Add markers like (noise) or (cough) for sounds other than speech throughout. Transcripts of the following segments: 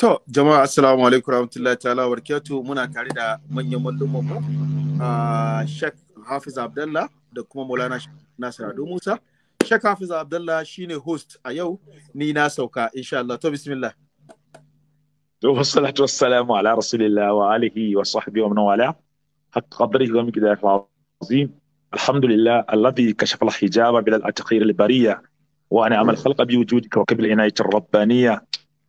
To, jama'a assalamu alaikum rahmatullahi ta'ala wa muna tare da manyan mallumman mu uh, Sheikh Hafiz Abdullah da kuma Maulana Nasir Ado Musa. Sheikh Hafiz Abdullah shine host a yau ni na sauka insha Allah to bismillah. To wassalatu wassalamu ala rasulillah wa alihi wa sahbihi wa man wala wa miqdarihi azim. Alhamdulillah alladhi kashafa al-hijaba bil al-atqir al-bariyah wa ana amal khalqa bi wujudika wa kabil inayati ar-rabbaniyah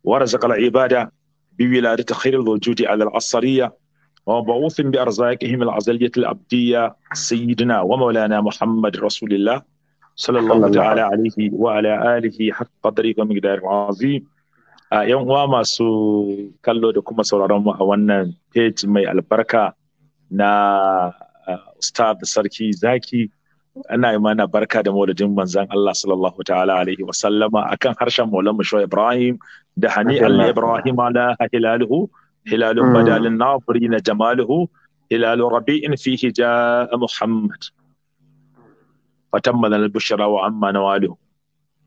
ورزق العبادة بولادة خير الوجود على العصرية ومبعوث بأرزاقهم العزلية الأبدية سيدنا ومولانا محمد رسول الله صلى الله تعالى عليه وعلى آله حق قدره ومقدار عظيم a yan uwa masu kallo da kuma sauraron mu a wannan page mai albarka na ustaz sarki zaki ana yi mana barka da maulidin manzan Allah sallallahu ta'ala alaihi wa sallama akan harshen maulan mu Ibrahim da hani al Ibrahim ala hilaluhu hilalun mm. badalin nafuri na jamaluhu hilalu rabi'in fihi ja Muhammad fatammala al-bushra wa amma nawaluhu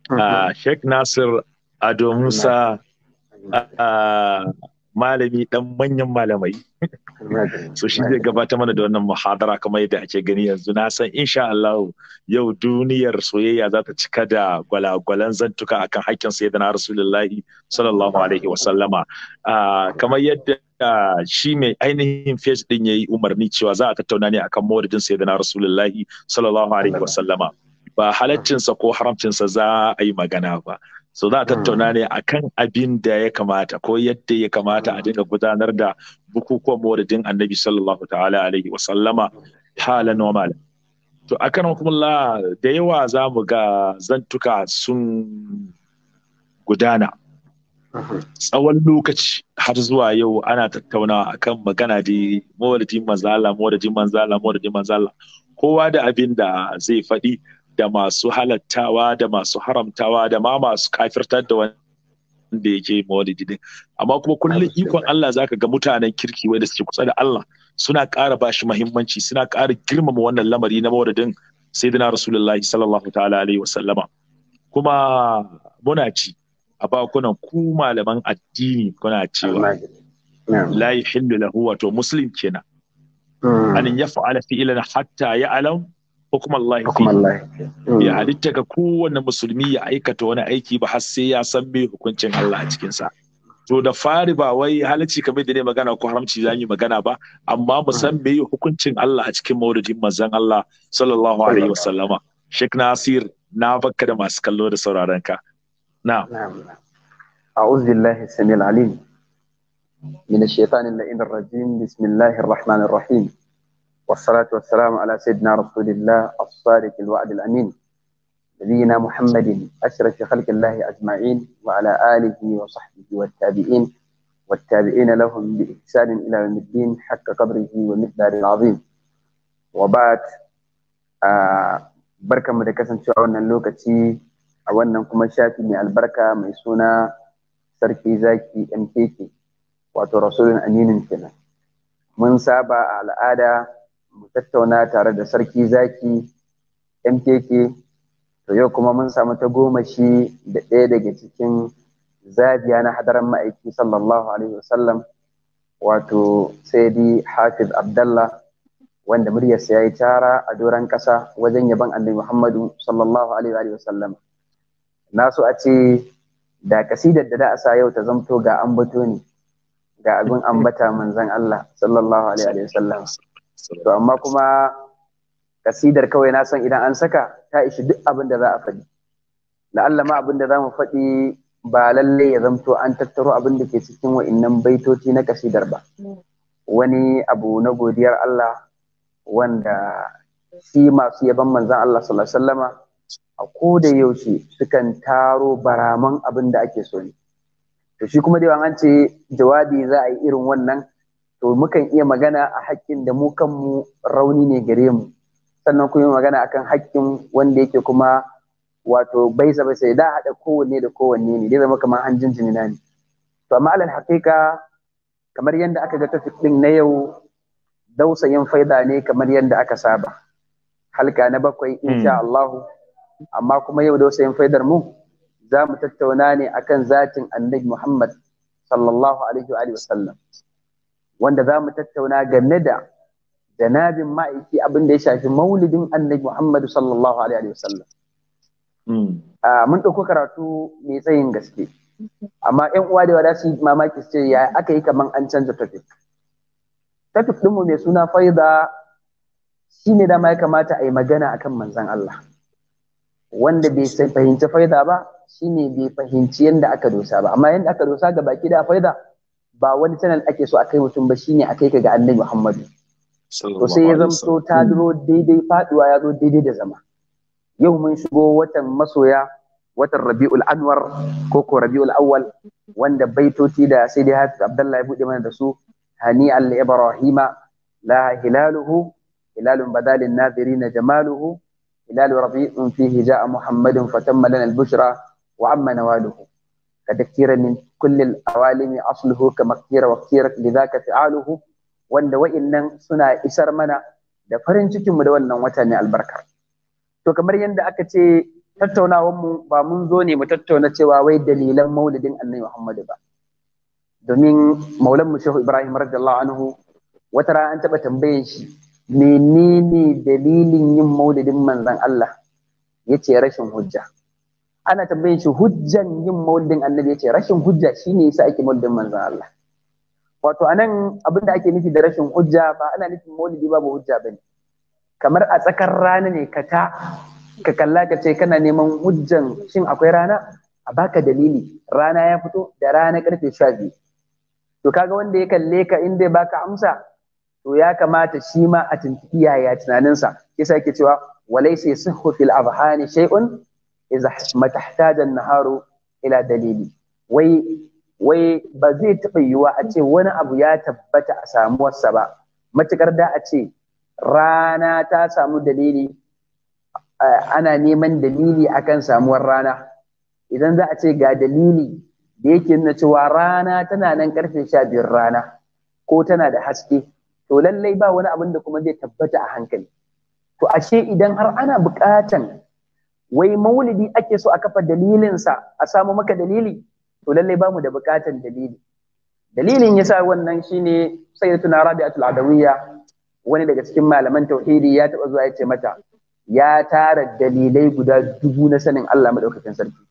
mm-hmm. ah, Sheikh Nasir Ado Musa ah, malami dan manyan malamai so shi zai gabata mana da wannan muhadara kamar yadda ake gani yanzu na san insha Allah yau duniyar soyayya za ta cika da gwalagwalan zantuka akan hakkin sayyidina rasulullahi sallallahu alaihi wa sallama ah, kamar yadda ah, shi mai ainihin fes din yayi umarni cewa za a tattauna ne akan mawridin sayyidina rasulullahi sallallahu alaihi wa sallama ba halaccinsa ko haramcinsa za a yi magana ba so za a tattauna hmm. ne a kan abin da ya kamata ko yadda ya kamata a hmm. dinga gudanar da bukukuwan mawadadin annabi sallallahu ta'ala alaihi wa sallama hala normal. To a kan hukumla da yawa za mu ga zantuka sun gudana hmm. tsawon lokaci har zuwa yau ana tattauna akan magana da mawadadin manzala mawadadin manzala mawadadin manzala kowa da abin da zai faɗi da masu halattawa da masu haramtawa da ma masu kafirtar da wani yake maulidi din amma kuma kullum ikon Allah zaka ga mutanen kirki wanda suke kusa da Allah suna ƙara bashi muhimmanci suna ƙara girmama wannan lamari na maulidin sayyidina rasulullahi sallallahu ta'ala alaihi wa sallama kuma muna ci a bakunan ku malaman addini kuna cewa la yuhillu lahu wato muslim kenan hmm. an yaf'ala fi'lan hatta ya'lam Ko kuma hukumallahi ya hmm. halitta ga kowane musulmi ya aikata wani aiki ba har sai ya san me hukuncin Allah a cikinsa to da fari ba wai halici kamar da ne magana ko haramci za yi magana ba amma mu san me hukuncin Allah a cikin maulidin manzon Allah sallallahu alaihi wasallama Sheikh Nasir na baka da masu kallo da sauraron ka na'am أعوذ بالله السميع العليم من الشيطان اللعين الرجيم بسم الله الرحمن الرحيم والصلاة والسلام على سيدنا رسول الله الصادق الوعد الأمين نبينا محمد أشرف خلق الله أجمعين وعلى آله وصحبه والتابعين والتابعين لهم بإحسان إلى يوم الدين حق قدره ومقداره العظيم وبعد آه بركة مدكسة شعورنا اللوكتي أولنا كما شاتي من البركة ميسونا sarki zaki mkk wato rasulun aminin kenan mun saba a al'ada mu tattauna tare da sarki zaki mkk to yau kuma mun samu ta goma shi da ɗaya daga cikin zabiya na hadaran ma'aiki sallallahu alaihi wasallam wato saidi hafiz abdallah wanda muryarsa ya yi tara a doron ƙasa wajen yaban annabi muhammadu sallallahu alaihi wasallam na so a ce da kasidar da da sa yau ta zamto ga ambato ne ga abin ambata manzon Allah sallallahu alaihi wasallam to amma kuma kasidar kawai na san idan an saka ta ishi duk abin da za a faɗi La'allama abinda abin da za mu faɗi ba lallai ya zamto an tattaro abin da ke cikin wa'innan baitoci na kasidar ba wani abu na godiyar Allah wanda shi masu yaban manzan Allah sallallahu a ko da yaushe sukan taro baraman abin da ake so ne to shi kuma dai an ce jawabi za a yi irin wannan to mukan iya magana a haƙƙin da mu kanmu rauni ne gare mu sannan kuma magana akan haƙƙin wanda yake kuma wato bai sa sai da hada kowanne da kowanne ne dai zama kamar jinjini na ne to amma alal haƙiƙa kamar yadda aka ga tafi ɗin na yau dausayin faida ne kamar yadda aka saba halka na bakwai hmm. insha Allah amma kuma yau dausayin faidar mu za mu tattauna ne akan zatin annabi Muhammad sallallahu alaihi wa sallam wanda za mu tattauna game da janabin ma'aiki abin da ya shafi maulidin annabi Muhammadu sallallahu alaihi wa sallam. Hmm. Mun ɗauko karatu mai tsayin gaske, amma ‘yan uwa da yawa za su yi mamaki su ce ya aka yi kaman an canza tafi. Tafif ɗinmu mai suna faida shi ne dama ya kamata a yi magana akan manzan Allah. Wanda bai fahimci faida ba shi ne bai fahimci yadda aka dosa ba, amma yadda aka dosa ga baki da faida ba wani channel ake so a kai mutum ba shine a kai ka ga annabi Muhammadu to sai ya zamto ta duro daidai faduwa ya zo daidai da zama yau mun shigo watan masoya watan Rabiul Anwar ko ko Rabiul Awwal wanda baitoti da sai dai Hafiz Abdullahi ya bude mana da su hani al Ibrahima la hilaluhu hilalun badalin nadirina jamaluhu hilal rabi'un fihi ja'a Muhammadun fatamma lana al-bushra wa amma nawaluhu قد افتير من كل العوالم أصله كما افتير وافتيرت لذاك فعاله wanda wa'innan suna isar mana da farin cikinmu da wannan wata ne albarka. To kamar yadda aka ce tattaunawanmu ba mun zo ne mu tattauna cewa wai dalilan maulidin annabi Muhammadu ba. Domin mu Shehu Ibrahim radiyallahu anhu wata rana an taɓa tambayin shi menene dalilin yin maulidin manzon Allah ya ce rashin hujja. ana tambayin shi hujjan yin maulidin annabi ya ce, rashin hujja shine yasa ake maulidin manzon Allah wato anan abinda ake nufi da rashin hujja ba ana nufin maulidi babu hujja ba ne. kamar a tsakar rana ne ka ta ka kalla ka ce kana neman hujjan shin akwai rana a baka dalili rana ya fito da rana karfe sha biyu to kaga wanda ya kalle ka in dai baka amsa to ya kamata shi ma a tuntuɓi yaya tunaninsa yasa yake cewa walai sai fil abhani shay'un iza matahtaja naharu ila dalili wai wai ba zai taɓa yiwuwa a ce wani abu ya tabbata a samuwarsa ba Matukar da a ce rana ta samu dalili ana neman dalili akan samuwar rana idan za a ce ga dalili da yake nuna cewa rana tana nan karfe sha biyar rana ko tana da haske to lallai ba wani abin da kuma zai tabbata a hankali to ashe idan har ana buƙatan wai maulidi ake so a kafa dalilinsa a samu maka dalili to lallai bamu da bukatan dalili dalilin yasa wannan shine sayyidatuna rabi'atul adawiyya wani daga cikin malaman tauhidi ya taba zuwa ya ce mata ya tara dalilai guda dubu na sanin Allah madaukakin sarki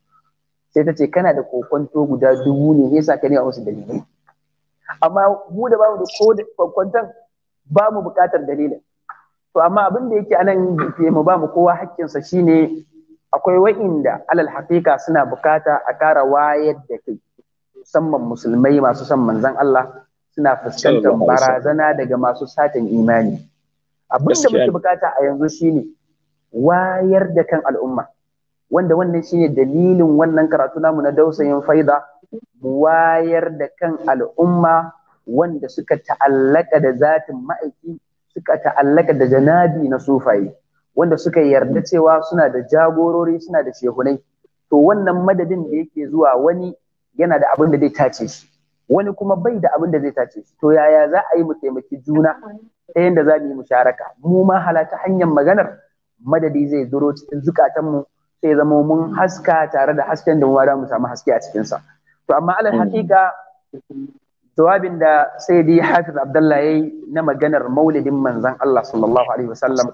sai ta ce kana da kokonto guda dubu ne yasa ka ne a wasu dalilai amma mu da bamu da ko kokonton ba mu bukatar dalilin to amma abin da yake anan ke mu ba mu kowa hakkinsa shine akwai wa'inda alal haƙiƙa suna bukata a ƙara wayar da kai musamman musulmai masu son manzan Allah suna fuskantar barazana daga masu satin imani abin da muke bukata a yanzu shine wayar da kan al'umma wanda wannan shine dalilin wannan karatu namu na dausayin faida mu wayar da kan al'umma wanda suka ta'allaka da zatin ma'aiki suka ta'allaka da janabi na sufaye wanda suka yarda cewa suna da jagorori suna da shehunai to wannan madadin da yake zuwa wani yana da abin da zai tace shi wani kuma bai da abin da zai tace shi to yaya za a yi mu taimaki juna ta yadda za mu yi musharaka mu ma halata hanyar maganar madadi zai zuro cikin zukatanmu sai zama mun haska tare da hasken da mu za mu samu haske a cikinsa to amma alal hakika jawabin da sayyidi hafiz Abdullahi yayi na maganar maulidin manzon Allah sallallahu alaihi wasallam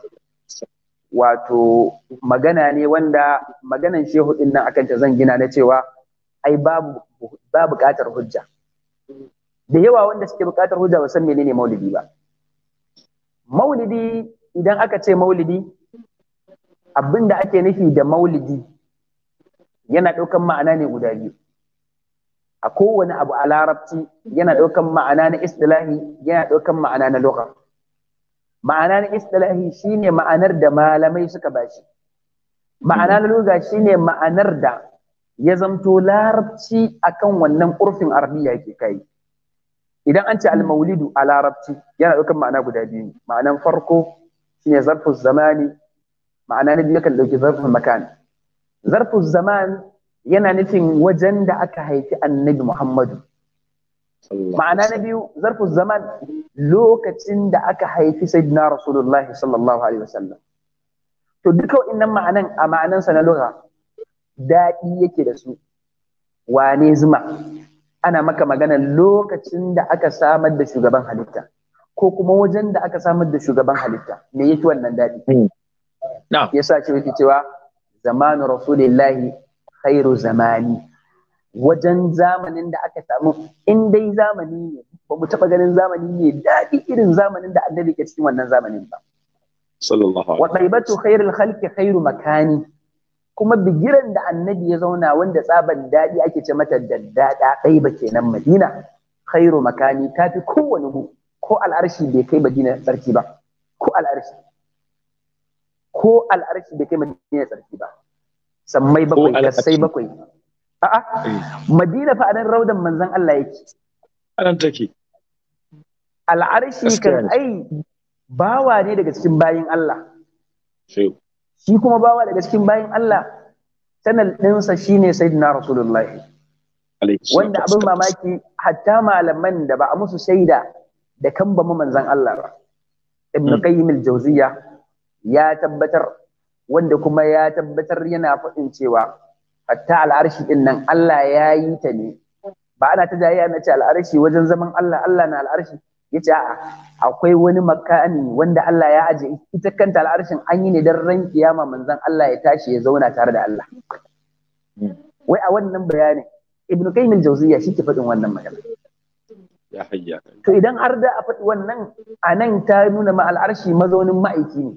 wato magana ne wanda maganan shehu din nan akan ta zan gina na cewa ai babu ba buƙatar hujja da yawa wanda suke bukatar hujja ba san menene maulidi ba maulidi idan aka ce maulidi abin da ake nufi da maulidi yana ɗaukan ma'ana ne guda biyu a kowane abu a larabci yana ɗaukan ma'ana na istilahi yana ɗaukan ma'ana na lugha ma'ana na istilahi shine ma'anar da malamai suka ba shi. ma'ana na luga shine ma'anar da ya zamto larabci akan wannan urfin arabiya yake kai idan an ce almaulidu a larabci yana ɗaukar ma'ana guda biyu ne ma'anan farko shine zarfus zamani ma'ana na biyu yakan ɗauki makani. makan zaman yana nufin wajen da aka haifi annabi muhammadu ma'ana na biyu zarfu zaman lokacin da aka haifi sayyidina rasulullah sallallahu alaihi wasallam to duka wannan ma'anan a sa na lugha daɗi yake da su wane zuma ana maka magana lokacin da aka samar da shugaban halitta ko kuma wajen da aka samar da shugaban halitta me yake wannan daɗi hmm. yasa ce yake cewa zamanu rasulillahi khairu zamani wajen zamanin da aka samu in dai zamani ne ba mu taɓa ganin zamani ne daɗi irin zamanin da annabi ke cikin wannan zamanin ba. Wa taibatu khairul khalqi khairu makani kuma bigiran da annabi ya zauna wanda tsaban daɗi ake ce mata daddada ɗai ba kenan Madina khairu makani ta fi kowane gu ko al'arshi bai kai Madina tsarki ba ko al'arshi ko al'arshi bai kai Madina tsarki ba sammai bakwai kasai bakwai A'a, eh. Madina fa raudan manzan Allah yake. Anan take. Al'arshi kan ai bawa ne daga cikin bayin Allah. Shi kuma bawa daga cikin bayin Allah, sanal ɗinsa shi ne Sayyidina Rasulullahi. Wanda abin mamaki hatta malaman da ba a musu shaida da kan ba manzan Allah ba. Ibn hmm. Qayyim al-Jawziyya ya tabbatar wanda kuma ya tabbatar yana faɗin cewa hatta al'arshi din nan Allah ya yi ta ne ba ana ta jayayya na ce al'arshi wajen zaman Allah Allah na al'arshi Ya ce a'a akwai wani makani wanda Allah ya aje ita kanta al'arshin an yi ne dan ran kiyama manzon Allah ya tashi ya zauna tare da Allah wai a wannan bayanin ibn qayyim al-jawziyya shi ke faɗin wannan magana ya hayya to idan har da a faɗi wannan anan ta nuna ma al'arshi mazaunin ma'aiki ne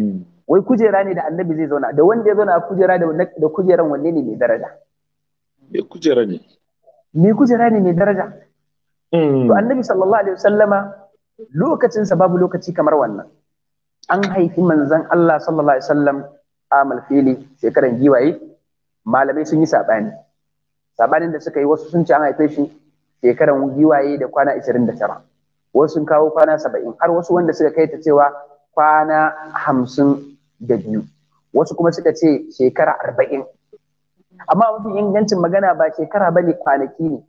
hmm. wai kujera ne da annabi zai zauna da wanda ya zauna a kujera da kujeran wanne ne mai daraja me kujera ne me kujera ne mai daraja mm. to annabi sallallahu alaihi wasallama lokacinsa babu lokaci kamar wannan an haifi manzon Allah sallallahu alaihi wasallam a malfili shekaran giwaye malamai sun yi sabani sabanin da suka yi wasu sun ce an haife shi shekaran giwaye da kwana 29 wasu sun kawo kwana 70 har wasu wanda suka kai ta cewa kwana hamsin da biyu wasu kuma suka ce shekara arba'in amma mafi ingancin magana ba shekara ba ne kwanaki ne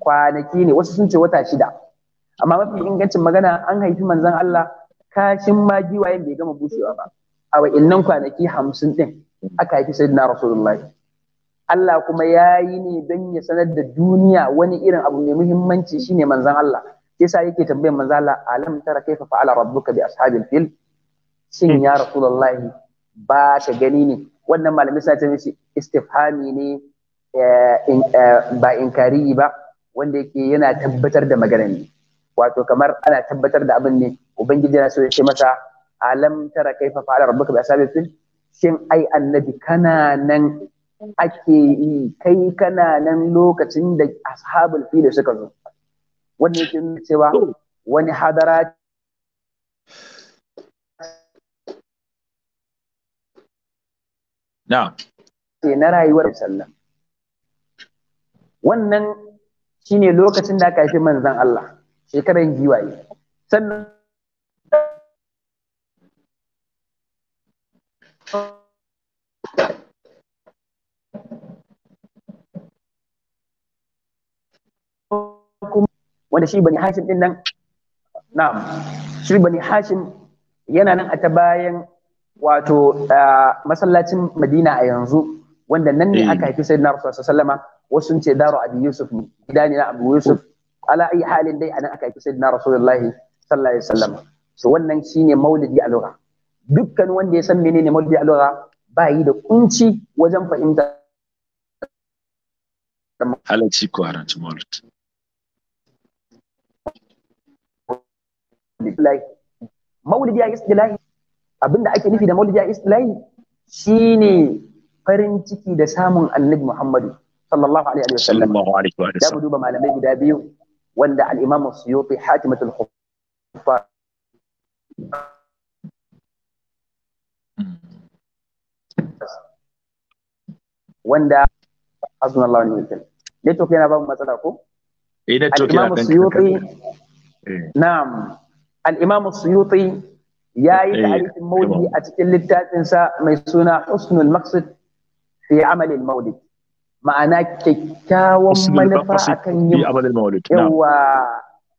kwanaki ne wasu sun ce wata shida amma mafi ingancin magana an haifi manzan Allah kashin ma giwayen bai gama bushewa ba a wa'innan kwanaki hamsin ɗin aka haifi na rasulullahi Allah kuma ya yi ne don ya sanar da duniya wani irin abu mai muhimmanci shine manzan Allah yasa yake tambayar manzon Allah alam tara kaifa fa'ala rabbuka bi ashabil fil shin hmm. ya rasulullahi ba ka gani ne wannan malami sa ta mishi istifhami ne eh, eh, ba inkari ba wanda yake yana tabbatar da magana ne wato kamar ana tabbatar da abin ne ubangiji yana so ya ce masa alam tara kaifa fa'ala rabbuka bi ashabil fil shin ai annabi kana nan ake yi kai kana nan lokacin da ashabul fil suka zo wannan yake cewa wani hadara na rayuwar sallam wannan ne lokacin da aka haifi manzan Allah shekaran giwaye sannan wanda shi bani hashim din nan na'am shi bani hashim yana nan a ta bayan wato masallacin Madina a yanzu wanda nan ne eh. aka haifi sayyidina Rasulullah sallama wasu sun ce daru Abi Yusuf ne gida ne na Abu Yusuf ala ayi halin dai anan aka haifi sayyidina rasulullahi sallallahu alaihi wasallam so wannan shine maulidi a lura dukkan wanda ya san menene maulidi a lura ba yi da kunci wajen fahimta halarci ko haramci maulidi maulidi ya istilahi abinda ake nufi da maulidi a shi ne farin ciki da samun annabi Muhammadu sallallahu alaihi wa sallam da mu duba malamai guda biyu wanda al-Imam Suyuti Hatimatul Khuffa wanda hasbun Allah ne wakil network yana ba mu matsala ko eh network yana dan eh. na'am al Suyuti ya yi eh, ta'arifin maulidi a cikin littafinsa mai suna husnul maqsid fi amalin maulid ma'ana kyakkyawan manufa akan yin yawa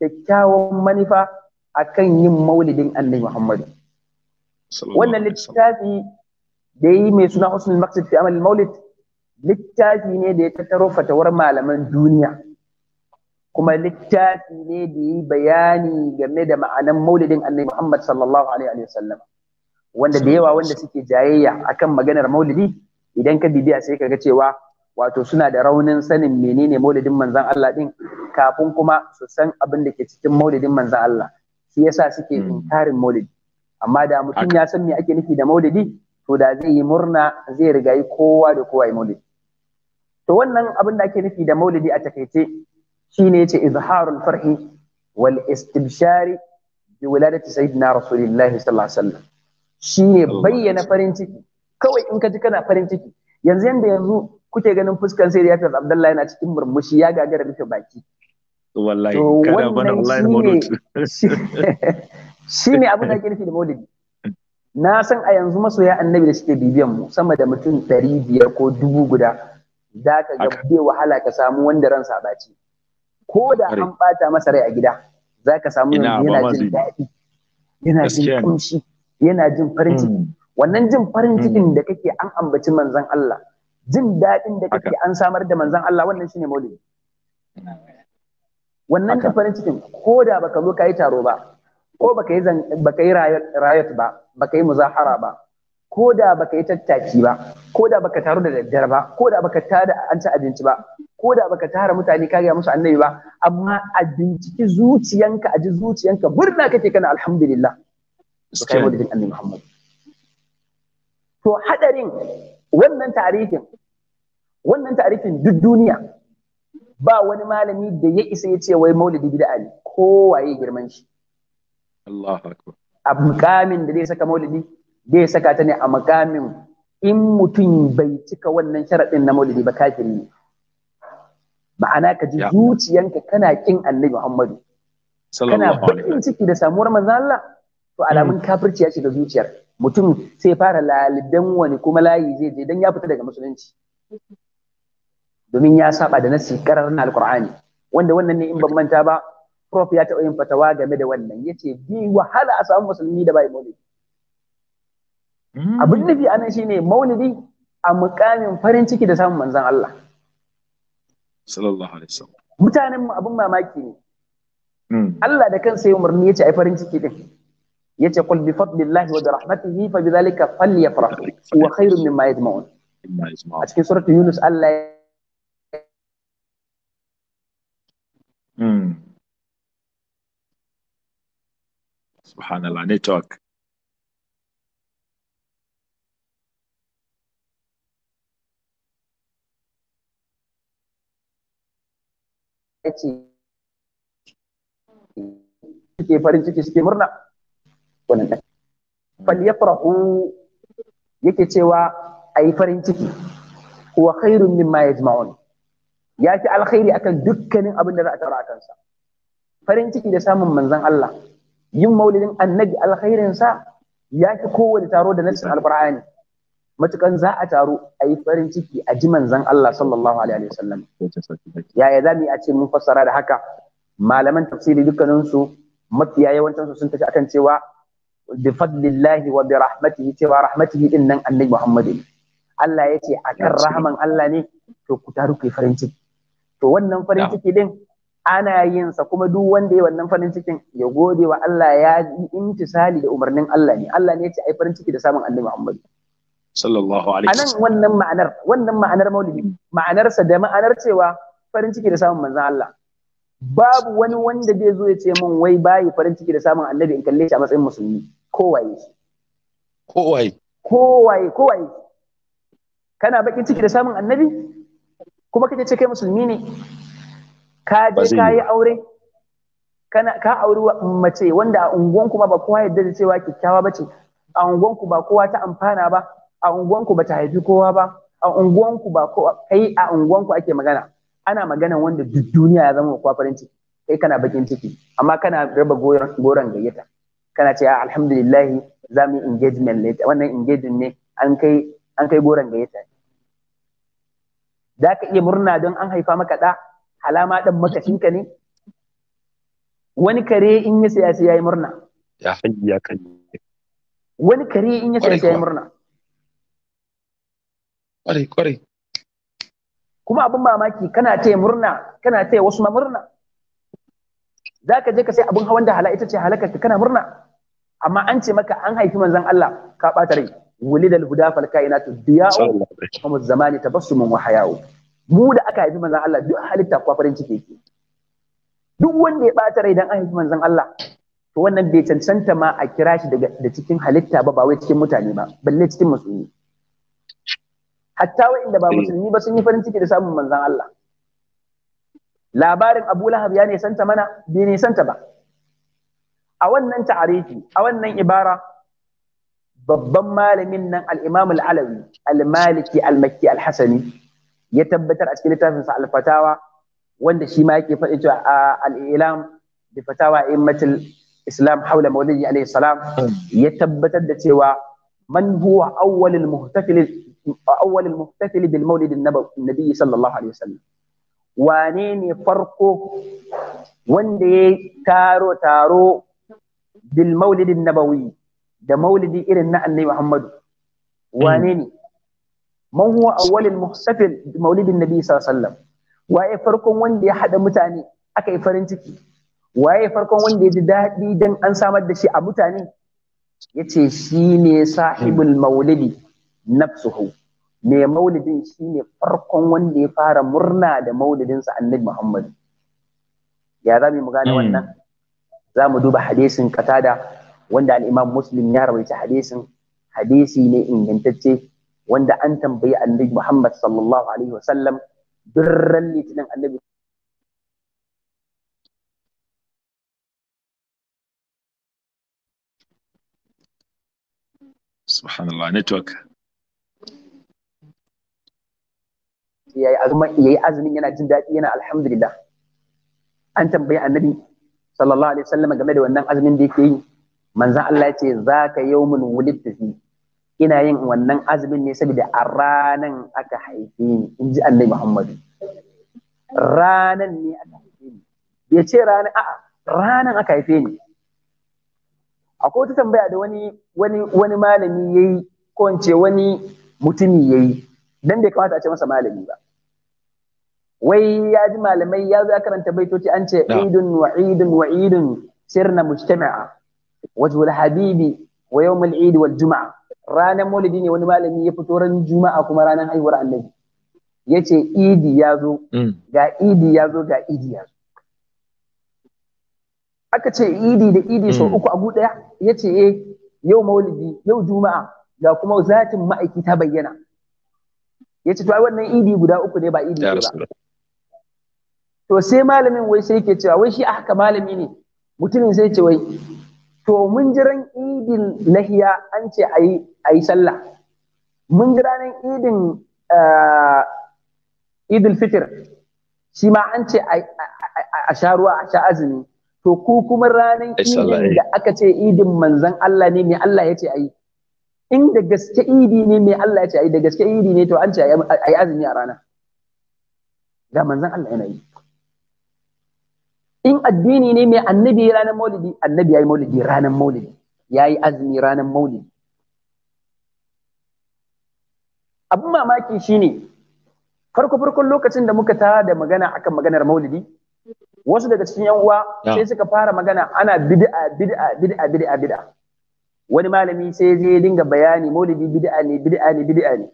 kyakkyawan manufa yin maulidin annabi Muhammadu wannan littafi da yi mai suna husnul maqsid fi amalin maulid littafi ne da ya tattaro fatawar malaman duniya kuma littafi ne da yi bayani game da ma'anan maulidin annabi Muhammad sallallahu alaihi wa sallam wanda da yawa wanda suke jayayya akan maganar maulidi idan ka bibiya sai ka ga cewa wato suna da raunin sanin menene maulidin manzon Allah din kafin kuma su san abin da ke cikin maulidin manzon Allah shi yasa suke hmm. inkarin maulidi amma da mutum ya san me ake nufi da maulidi to da zai yi murna zai rigayi kowa da kowa ya maulidi to wannan abin da ake nufi da maulidi a takaice shine ce izharul farhi wal istibshari bi wiladati sayyidina rasulillahi sallallahu alaihi wasallam ne bayyana farin ciki kawai in ka ji kana farin ciki yanzu yanda yanzu kuke ganin fuskan sai ya tafi Abdullahi yana cikin murmushi ya gagara rufe baki wallahi kada bana wallahi maulud (laughs) shine abin da ake nufi da maulidi na san a yanzu masoya annabi da suke bibiyan mu sama da mutum ɗari biyar ko dubu guda za ka ga bai wahala ka samu wanda ransa ɓaci ko da an bata masa rai a gida za ka samu yana jin daɗi yana jin kunshi yana jin farin ciki hmm. wannan jin farin hmm. cikin da kake an ambaci manzon Allah jin daɗin da kake an samar da manzon Allah wannan shine mole wannan jin farin cikin ko da baka zo kai taro ba ko baka yi baka yi riot ba baka yi muzahara ba ko da baka yi tattaki ba ko da baka taro da daddare ba ko da baka tada an ci abinci ba ko da baka tara mutane ka gaya musu annabi ba amma a binciki zuciyanka a ji zuciyanka murna kake kana alhamdulillah su kai maulidin annabi muhammad to hadarin wannan tarihin wannan tarihin duk duniya ba wani malami da ya isa ya ce wai maulidi bid'a ne kowaye girman shi Allahu akbar a mukamin da zai saka maulidi zai saka ta ne a mukamin in mutum bai cika wannan sharaɗin na maulidi ba kafin ne ma'ana ka ji zuciyanka kana kin annabi Muhammadu kana bakin ciki da samuwar manzon Allah to alamun hmm. kafirci ya shiga zuciyar mutum sai fara lalidan wani kuma layi zai je dan ya fita daga musulunci domin ya saba da nasi karar na alqur'ani wanda wannan ne in ban manta ba prof ya taɓa yin fatawa game da wannan yace bi wahala a samu musulmi da bai maulidi hmm. abin nufi anan shine maulidi a mukamin farin ciki da samun manzon Allah sallallahu alaihi wasallam mutanen mu abin mamaki ne hmm. Allah da kansa ya umarni yace ai farin ciki din yace qul bi fadlillahi wa bi rahmatihi fa bidhalika falyafrahu wa khairun mimma yajma'un a cikin suratu Yunus Allah hmm. subhanallah network ce suke farin ciki suke murna wannan ɗan yake cewa a yi farin ciki huwa khairun mimma yajma'un ya alkhairi akan dukkanin abin da za a tara a kansa farin ciki da samun manzon Allah yin maulidin annabi alkhairinsa ya yafi kowane taro da nassin alqur'ani matukan za a taru a yi farin ciki a ji manzan Allah sallallahu alaihi yaya za mu yi a ce mun fassara da haka malaman tafsiri dukkaninsu mafiya yawancinsu sun tafi akan cewa bi fadlillahi wa bi rahmatihi cewa rahmatihi din nan annabi Muhammadu Allah ya ce akan rahman Allah ne to ku taru ku yi farin ciki to wannan farin ciki din ana yin sa kuma duk wanda ya wannan farin cikin ya gode wa Allah ya yi intisali da umarnin Allah ne Allah ne ya ce ai farin ciki da samun annabi Muhammadu sallallahu alaihi wasallam anan wannan ma'anar wannan ma'anar maulidi ma'anarsa da ma'anar cewa farin ciki da samun manzon Allah babu wani wanda zai zo ya ce min wai bayi farin ciki da samun annabi in kalle shi a matsayin musulmi kowaye kowaye kowaye kowaye kana bakin ciki da samun annabi kuma kake ce kai musulmi ne ka je ka yi aure kana ka auri mace wanda a unguwan kuma ba kowa yadda da cewa kyakkyawa bace a unguwan ku ba kowa ta amfana ba a unguwanku bata haifi kowa ba a unguwanku ba kowa kai a unguwanku ake magana ana magana wanda duk duniya ya zama kwa farin ciki kai kana bakin ciki amma kana raba goron gayyata kana ce ah, alhamdulillah za mu yi engagement later wannan engagement ne an kai an kai goron gayyata da ka iya murna don an haifa maka ɗa halama ɗan makashinka ne wani kare in ya siyasa sai yayi murna ya hayya kan wani kare in ya siyasa sai yayi murna kwarai kwarai kuma abin mamaki kana taya murna kana ce wasu ma murna za ka je ka sai abin hawan da hala ita ce halakar ka kana murna amma an ce maka an haifi manzon Allah ka bata rai wulida huda fal kainatu diya'u kuma zamani tabassumun wa haya'u mu da aka haifi manzon Allah duk halitta kuwa farin ciki yake duk wanda ya bata rai dan an haifi manzon Allah to wannan bai cancanta ma a kira shi daga da cikin halitta ba ba wai cikin mutane ba balle cikin musulmi hatta wa'inda ba eh. musulmi ba sun yi farin ciki da samun manzan Allah labarin Abu Lahab ya nisanta mana bai nisanta ba a wannan ta'arifi a wannan ibara babban malamin nan al-Imam al-Alawi al-Maliki al-Makki al-Hasani ya tabbatar a cikin littafinsa al-Fatawa wanda shi ma yake faɗi cewa al-Ilam bi fatawa immatul Islam haula Maulidi alayhi salam hmm. ya tabbatar da cewa man huwa awwalul muhtafil awwal al-muhtasil bil mawlid an-nabi sallallahu alaihi wasallam wane ne farko wanda ya taro taro bil mawlid an-nabawi da maulidi irin na annabi Muhammadu wane ne man huwa awwal al-muhtasil sallallahu alaihi wasallam waye farkon wanda ya hada mutane aka yi farin ciki waye farkon wanda ya ji daɗi dan an samar da shi a mutane yace shine sahibul maulidi nafsuhu mai maulidin shine farkon wanda ya fara murna da maulidinsa annabi Muhammad ya za mu gane hmm. wannan za mu duba hadisin katada wanda al-Imam Muslim ya rawaita hadisin hadisi ne ingantacce wanda an tambayi annabi Muhammad sallallahu alaihi wasallam durran litinin annabi sai yayi azumin yana jin daɗi yana alhamdulillah an tambayi annabi sallallahu alaihi wasallam game da wannan azumin da yake yi manzon Allah ya ce ka yawmun wulidta fi ina yin wannan azumin ne saboda a ranan aka haife ni in ji annabi Muhammadu ranan ne aka haife ni bai ce ranan a'a ranan aka haife ni akwai wata tambaya da wani wani wani malami yayi ko in ce wani mutumi yayi dan bai kamata a ce masa malami ba wai ya ji malamai ya zo karanta baitoci an ce idun wa idun wa idun sirna mujtama'a wajhul habibi wa yawmul idi wal juma'a ranar maulidi ne wani malami ya fito ran juma'a kuma ranar haihuwar annabi ya ce idi mm. ya zo ga idi ya zo ga idi ya zo aka ce idi da idi sau mm. uku a daya ya ce e yau maulidi yau juma'a ga kuma zatin ma'aiki ta bayyana ya ce to ai wannan idi guda uku ne ba idi ba to sai malamin wai sai ke cewa wai shi haka malami ne mutumin sai ce wai to mun jiran idin lahiya an ce a yi sallah mun jira nan idin eh, idil fitr shi ma an ce a sha ruwa a sha azumi to ku kuma ranar idin da aka ce idin manzan Allah ne mai Allah ya ce a yi in da gaske idi ne mai Allah ya ce a yi da gaske idi ne to an ce a yi azumi a rana ga manzan Allah yana yi in addini ne mai annabi ranar maulidi annabi ya yi maulidi ranar maulidi ya yi azumi ranar maulidi abin mamaki shine farko farkon lokacin da muka tara da magana akan maganar maulidi wasu daga cikin yan uwa sai suka fara magana ana bid'a bid'a bid'a bid'a bid'a wani malami sai ya je ya dinga bayani maulidi bid'a ne bid'a ne bid'a ne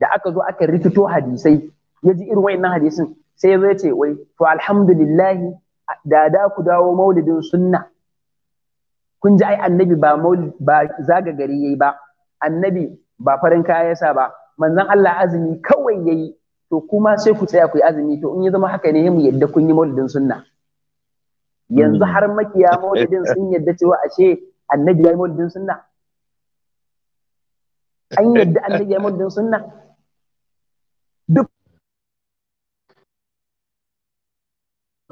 da aka zo aka rikito hadisai ya ji irin wayannan hadisin sai ya zo ya ce wai to alhamdulillah da da ku dawo maulidin sunna kun ji ai annabi ba ba zaga gari yayi ba annabi ba farin kaya yasa ba manzon Allah azumi kawai yayi to kuma sai ku tsaya ku yi azumi to in ya zama haka ne mu yadda kun yi maulidin sunna yanzu har makiya maulidin sun yadda cewa ashe annabi ya yi maulidin sunna an yadda annabi ya yi maulidin sunna duk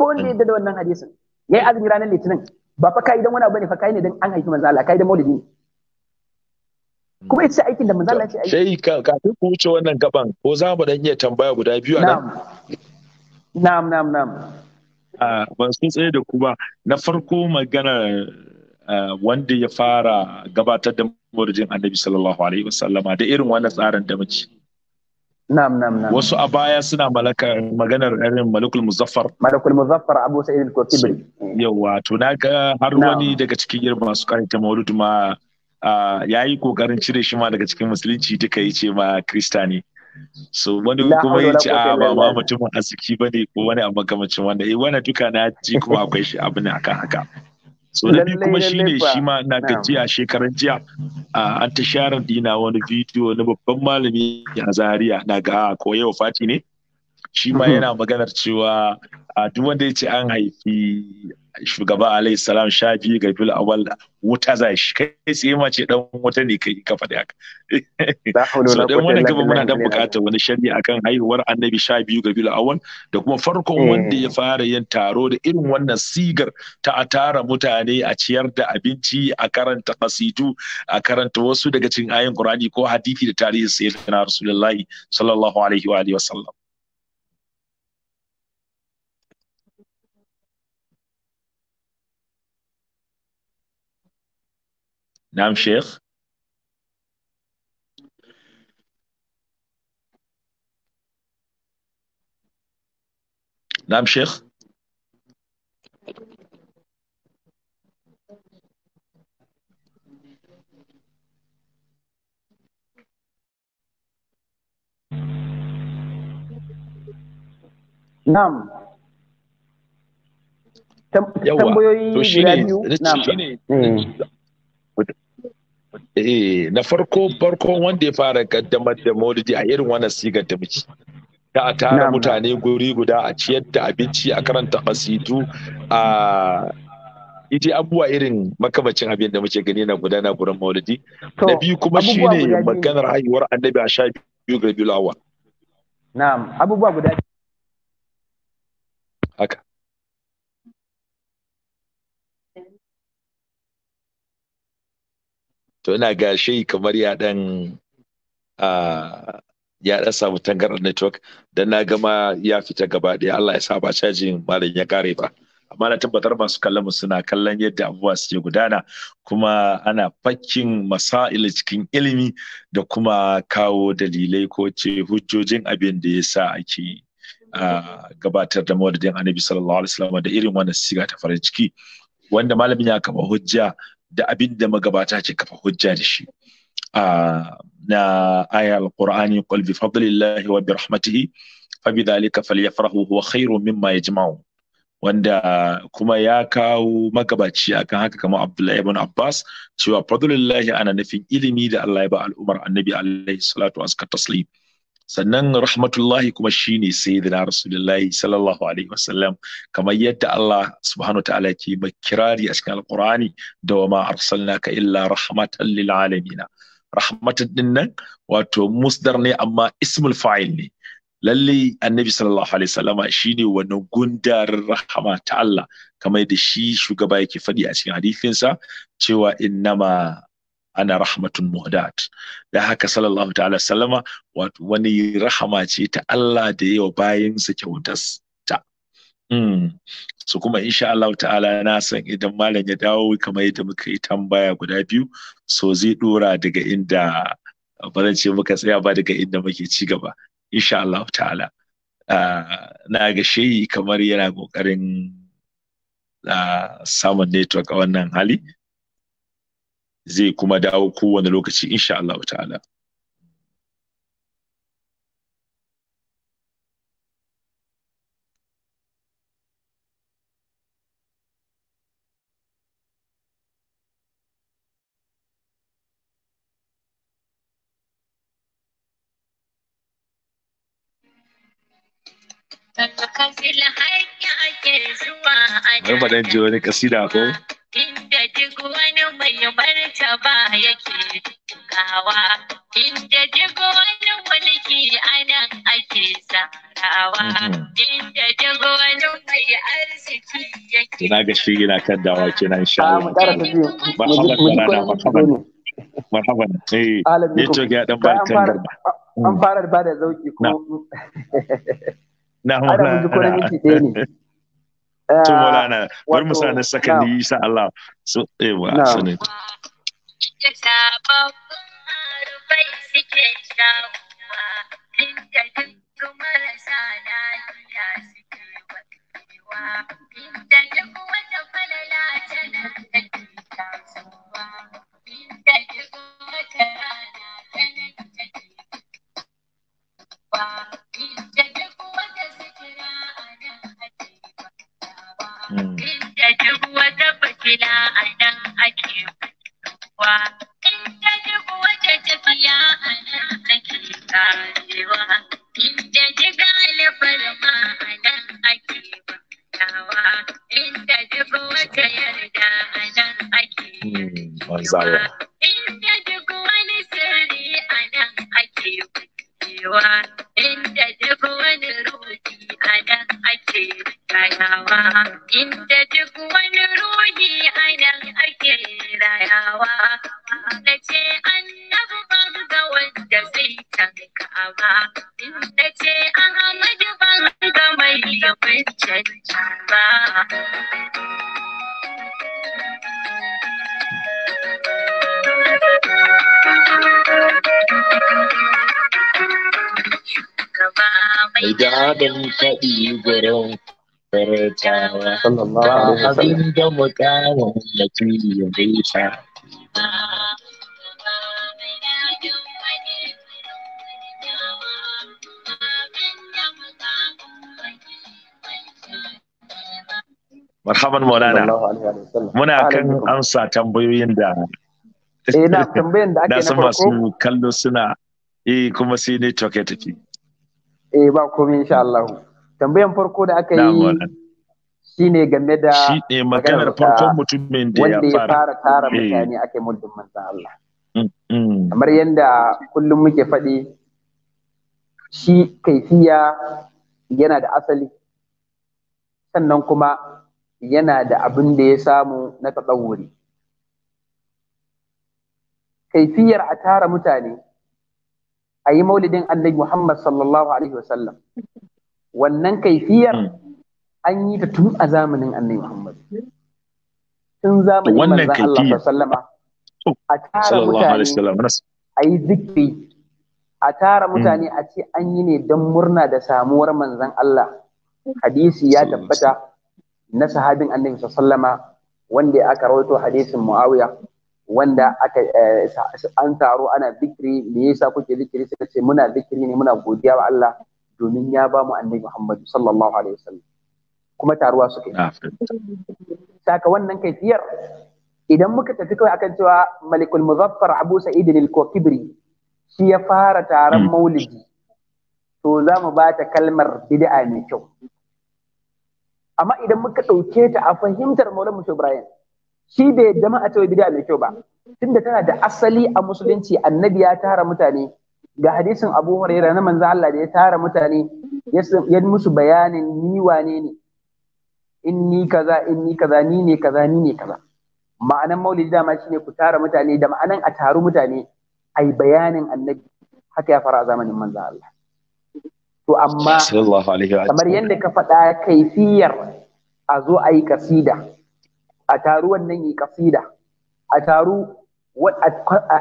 ko da ya da wannan hadisin yi azumi ranar litinin ba fa kai dan wani abu ne fa kai ne dan an haifi manzo Allah kai dan maulidi ne kuma ita aikin da manzo Allah ya ce sai kafin ku wuce wannan gaban ko za mu dan iya tambaya guda biyu a nan na'am na'am na'am a ban sun tsaye da ku ba na farko magana wanda ya fara gabatar da murjin annabi sallallahu alaihi wasallama da irin wannan tsarin da muke Na'am na'am na'am. Wasu a baya suna malaka maganar irin Malikul Muzaffar. Malikul Muzaffar Abu Sa'id al-Qutbi. Yawa to na har wani daga cikin irin masu ta Maulud ma ya yi kokarin cire shi ma daga cikin musulunci duka ya ce ma Krista ne. So wani kuma ya ce a ba ma mutumin asiki bane ko wani a makamacin wanda eh wani duka na ji kuma akwai shi abin akan haka. so na biyu kuma shine shi ma na gajiya shekaran jiya an ta share dina wani bidiyo na babban malami a zaria na ga ah, ko yau fati ne shi ma hmm. yana maganar cewa a duk wanda ya ce an haifi shugaba alayhi salam shafi rabiul awal wuta za shi kai sai ma ce dan wuta ne kai ka faɗi haka so dan wannan gaba muna dan bukata wani sharhi akan haihuwar annabi sha biyu rabiul awal da kuma farkon mm. wanda ya fara yin taro da irin wannan sigar ta tara mutane a ciyar da abinci a karanta kasidu a karanta wasu daga cikin ayin qur'ani ko hadisi da tarihi sayyidina rasulullahi sallallahu alaihi wa alihi wasallam Nam sheikh, nam Na'am. nam. Na'am. eh na farko farko wanda ya fara kaddamar da maulidi a irin wannan sigar ta miki da a tara mutane guri guda a ciyar da abinci a karanta kasitu a ita abubuwa irin makamacin abin da muke gani na gudana gurin maulidi na biyu kuma shine maganar haihuwar annabi a sha biyu ga biyu lawa na'am abubuwa guda haka to ina ga shi kamar ya dan ya dan samu tangarar network dan na gama ya fita gaba Allah ya sa ba cajin malam ya kare ba amma na tabbatar masu kallon suna kallon yadda abubuwa suke gudana kuma ana fakkin masa'il cikin ilimi da kuma kawo dalilai ko ce hujjojin abin da ya sa ake gabatar da mawadadin annabi sallallahu alaihi wasallam da irin wannan siga ta farin ciki wanda malamin ya kama hujja da abin da magabata ce kafa hujja da shi na aya alqur'ani qul bi fadlillahi wa bi rahmatihi fa bi dhalika falyafrahu huwa khairun mimma yajma'un wanda kuma ya kawo magabaci akan haka kamar Abdullahi ibn Abbas cewa fadlullahi ana nufin ilimi da Allah ya ba al'umar Annabi alaihi salatu wa taslim sannan rahmatullahi kuma shine sayyidina rasulullahi sallallahu alaihi wasallam kamar yadda Allah subhanahu wa ta'ala ke kirari a cikin alqur'ani da wa ma arsalnaka illa rahmatan lil alamin rahmatan din wato musdar ne amma ismul fa'il ne lalle annabi sallallahu alaihi wasallam shine wannan gundarin rahama ta Allah kamar da shi shugaba yake faɗi a cikin hadisinsa cewa innama ana rahmatun muhdat da haka sallallahu ta'ala sallama wani rahama ce ta Allah da yawa su kyautas ta hmm. Su kuma insha Allah ta'ala na san idan malam ya dawo kamar yadda muka yi tambaya guda biyu so zai dora daga inda ba ce muka tsaya ba daga inda muke ci gaba insha Allah ta'ala ah, na ga shehi kamar yana kokarin ah, samun network a wannan hali zai kuma dawo kowane lokaci insha Allah ta'ala ta faɗin ji wani kasida ko inda duk wani mai barta ba yake kawa inda duk wani mulki anan ake sarawa mm-hmm. inda duk wani mai arziki yake ina ga shi na kan dawa kenan Allah marhaba eh ya ce ga dan mm. an fara ba da zauki ko na (laughs) na na (laughs) to maulana ah, bari mu sa na secondary insha Allah so yawa sunan Thank you. ila a nan ake ruwa. In ta duk wata tafiya a nan take karewa. In ta ji galibar ma a nan ake bautawa. In ta duk wata yarda a nan ake ruwa. Hmm, adam kaɗi gurin furtawa ba abin da mukamin Marhaban Maulana, muna kan amsa tambayoyin da eh, na tambayan da ake na farko. masu kallo suna eh kuma sai ne ya tafi. eh ba komai insha Allah tambayan farko da aka yi shine game da shine maganar farkon mai da wanda ya fara tara eh. mutane ake muddin manzon Allah mm, mm. kamar yadda kullum muke faɗi shi kaifiya yana da asali sannan kuma yana da abin da ya samu na tsawuri kaifiyar a tara mutane a yi maulidin annabi Muhammad sallallahu alaihi wasallam wannan kaifiyar hmm. an yi ta tun a zamanin annabi Muhammad tun zamanin manzan Allah sallama oh, a tara mutane a yi zikri a tara hmm. mutane a ce an yi ne don murna da samuwar manzan Allah hadisi ya tabbata na sahabin annabi sallama wanda aka rawaito hadisin Muawiya wanda aka eh, an taro ana zikiri me yasa kuke zikiri sai ce muna zikiri ne muna godiya wa Allah domin ya ba mu annabi Muhammadu sallallahu alaihi wasallam kuma taruwa suka saka wannan kaifiyar idan muka tafi kawai akan cewa Malikul Muzaffar Abu Sa'id al-Kokibri shi ya fara taron hmm. Maulidi to za mu ba ta kalmar bid'a mai kyau amma idan muka ɗauke ta a fahimtar Maulana Musa Ibrahim shi bai yadda ma a cewa bid'a mai kyau ba tunda tana da asali a musulunci annabi ya tara mutane ga hadisin Abu Huraira na manzo Allah da ya tara mutane ya musu bayanin ni wane ne inni kaza inni kaza ni ne kaza ni ne kaza ma'anan maulidi dama shine ku tara mutane da ma'anan a taru mutane ai bayanin annabi haka ya fara a zamanin manzo Allah to amma kamar yadda ka faɗa kaifiyar a zo a yi kasida a taru wannan yi kasida a taru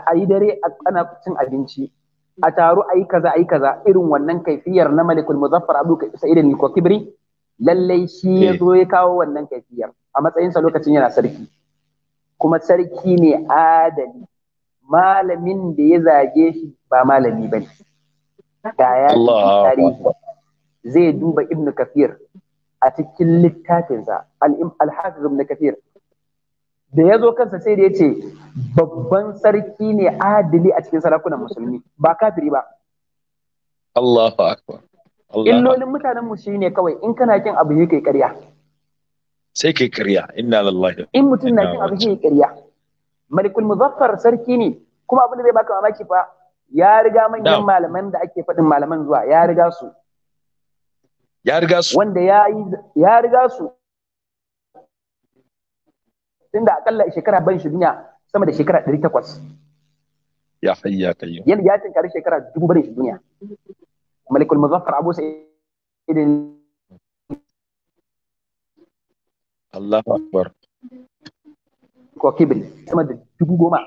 a yi dare ana cin abinci a taru a yi kaza a yi kaza irin wannan kaifiyar na malikul muzaffar abu sa'id al-kibri lallai shi ya eh. zo ya kawo wannan kaifiyar a matsayinsa lokacin yana sarki kuma sarki ne adali malamin da ya zage shi ba malami ba ne zai duba ibn kafir a cikin littafinsa al-hafiz ibn kafir da ya zo kansa sai da ya ce babban sarki ne adili a cikin sarakunan musulmi ba kafiri ba Allahu akbar illolin mutanen mu shine kawai in kana kin abu yi kai ƙarya sai kai ƙarya inna lillahi in mutum na kin abu yi ƙarya malikul muzaffar sarki ne kuma abin da zai baka mamaki fa ya riga manyan malaman da ake faɗin malaman zuwa ya riga su ya riga su wanda ya ya riga su tunda akalla shekara ban shi duniya sama da shekara 800 ya hayya kai yin ya tinkari shekara dubu bane shi duniya malikul muzaffar abu sa'id Allah akbar ko kibir sama da dubu goma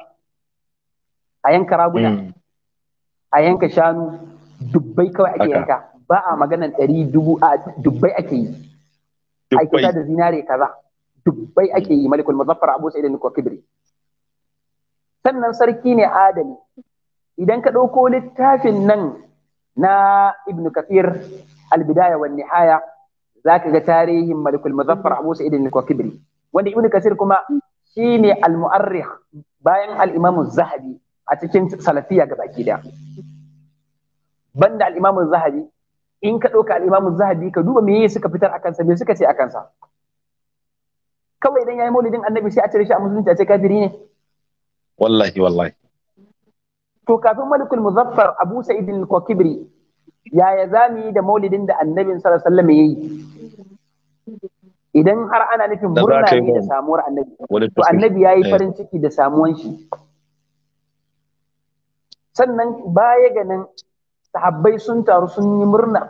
a yanka raguna hmm. a yanka shanu dubbai kawai ake yanka ba a maganan ɗari dubu a dubbai ake yi a da zinare kaza dubbai ake yi malikul muzaffar abu sa'id ibn kibri sannan sarki ne adali idan ka ɗauko littafin nan na ibn kafir albidaya wa nihaya zaka ga tarihin malikul muzaffar abu sa'id ibn kibri wanda ibn kasir kuma shine al-mu'arrikh bayan al-imamu zahabi a cikin salafiya ga baki daya banda al-imamu zahabi in ka ɗauka al-imamu zahabi ka duba me suka fitar akan sa me suka ce akan sa kawai idan yayi maulidin annabi sai a cire shi a musulunci a ce kafiri ne wallahi wallahi to kafin malikul muzaffar abu sa'id al-kokibri yaya zamu yi da maulidin da annabin sallallahu alaihi wasallam yayi idan har ana nufin murna ne da samuwar annabi to annabi ya yi eh. farin ciki da samuwan shi sannan baya ganin sahabbai sun taru sun yi murna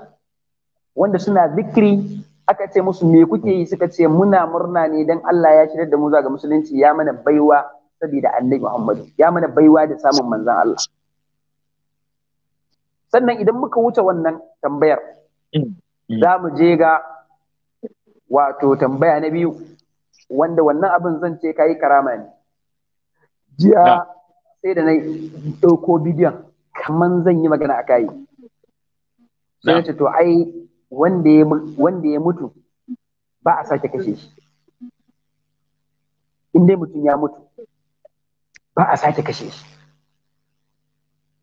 wanda suna zikiri. aka ce musu me kuke yi suka ce muna murna ne dan Allah ya shirar da mu zuwa ga musulunci ya mana baiwa saboda annabi Muhammad ya mana baiwa da samun manzon Allah sannan idan muka wuce wannan tambayar mm. za mu je ga wato tambaya na biyu wanda wannan abin zan ce kayi karama ne jiya sai da na ɗauko bidiyon kaman zan yi magana a kayi sai ce to ai wanda ya mutu ba a sake kashe shi inda mutum ya mutu ba a sake kashe shi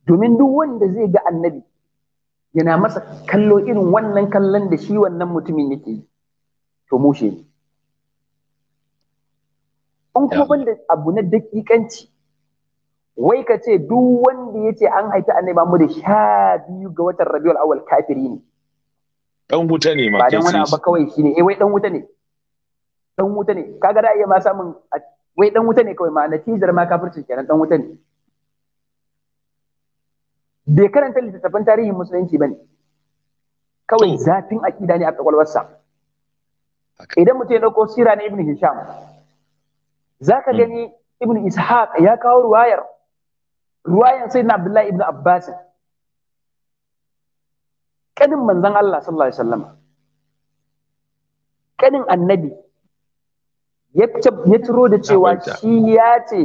domin duk wanda zai ga annabi yana masa kallo irin wannan kallon da shi wannan mutumin yake yi to mushe ne An kuma banda abu na dakikanci wai ka ce duk wanda ya ce an haifi annabi mu da sha biyu ga watan rabiul awal kafiri ne dan wuta ne ma ba dan wani abu kawai shine eh wai dan wuta ne dan wuta ne kaga da iya ma samun wai dan wuta ne kawai ma natijar ma kafirci kenan dan wuta ne bai karanta littattafan tarihin musulunci bane kawai zafin akida ne a kwakwalwarsa idan mutum ya dauko sira na ibnu hisham zaka hmm. gani ibnu ishaq ya kawo ruwayar ruwayan sayyidina abdullahi ibnu abbas kanin manzon Allah sallallahu alaihi wasallam kanin annabi ya turo da cewa shi ya ce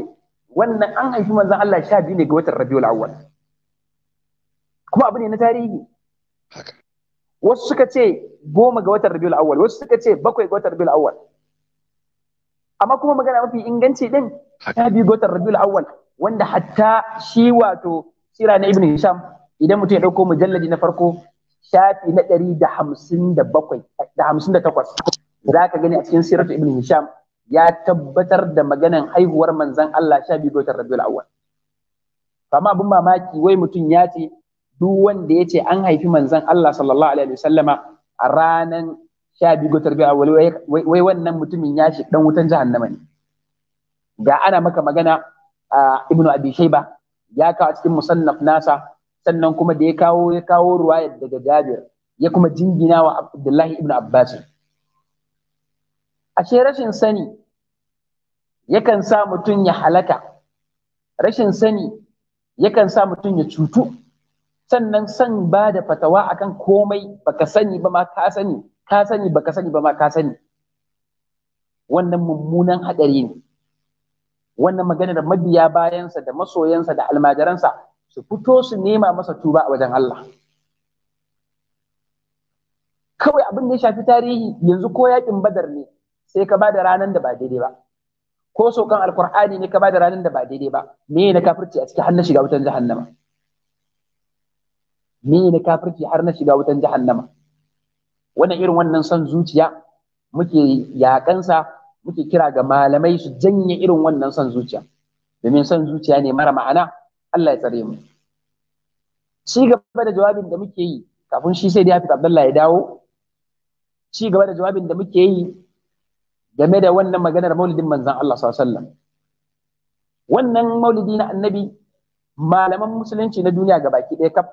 wannan an haifi manzon Allah sha biyu ne ga watan Rabiul Awwal kuma abu ne na tarihi wasu suka ce goma ga watan Rabiul Awwal wasu suka ce bakwai ga watan Rabiul Awwal amma kuma magana mafi inganci din sha biyu ga watan Rabiul Awwal wanda hatta shi wato sira na Ibn Hisham idan mutum ya dauko mujalladi na farko shafi na ɗari da hamsin da bakwai da hamsin da takwas za ka gani a cikin siratu ibn hisham ya tabbatar da maganan haihuwar manzan Allah sha biyu ga rabiul awwal amma abin mamaki wai mutum ya ce duk wanda ya ce an haifi manzan Allah sallallahu alaihi wasallama a ranan sha biyu ga rabiul awwal wai wannan mutumin ya shi dan wutan jahannama ne ga ana maka magana ibnu abi shayba ya kawo cikin musannaf nasa sannan kuma da ya kawo ya kawo ruwayar daga Jabir ya kuma jingina wa Abdullahi ibn Abbas ashe rashin sani yakan sa mutum ya halaka rashin sani yakan sa mutum ya cutu sannan san ba da fatawa akan komai baka sani ba ma ka sani ka sani baka sani ba ma ka sani wannan mummunan hadari ne wannan maganar mabiya bayansa da masoyansa da almajiransa su fito su nema masa tuba a wajen Allah kawai abin da ya shafi tarihi yanzu ko yakin badar ne sai ka ba da ranar da ba daidai ba ko sokan alkur'ani ne ka ba da ranar da ba daidai ba me na kafirci a ciki har na shiga wutan jahannama me na kafirci har na shiga wutan jahannama wannan irin wannan son zuciya muke yakansa muke kira ga malamai su janye irin wannan son zuciya domin son zuciya ne mara ma'ana Allah ya tsare mu ci gaba da jawabin da muke yi kafin shi sai da Hafiz Abdullah ya dawo ci gaba da jawabin da muke yi game da wannan maganar maulidin manzon Allah sallallahu alaihi wasallam wannan maulidi na annabi malaman musulunci na duniya ga baki ɗaya kaf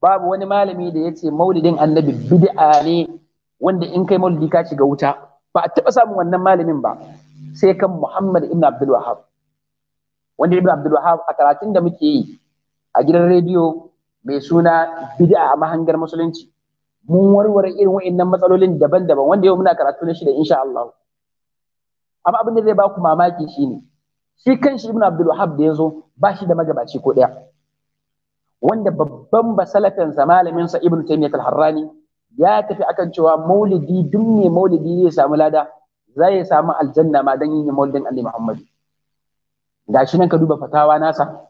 babu wani malami da ya ce maulidin annabi bid'a ne wanda in kai maulidi ka shiga wuta ba a taɓa samun wannan malamin ba sai kan Muhammad ibn Abdul Wahhab wanda ibn abdul wahab a karatun da muke yi a gidan rediyo mai suna bid'a a mahangar musulunci mun warware irin wa'annan matsalolin daban-daban wanda yau muna karatu na da insha Allah amma abin da zai ba ku mamaki shine shi kanshi ibn abdul wahab da yazo ba shi da magabaci ko daya wanda babban basalatan sa malamin sa ibn taymiyyah al-harrani ya tafi akan cewa maulidi duk ne maulidi zai samu lada zai samu aljanna ma dan yin maulidin annabi muhammad gashi nan ka duba fatawa nasa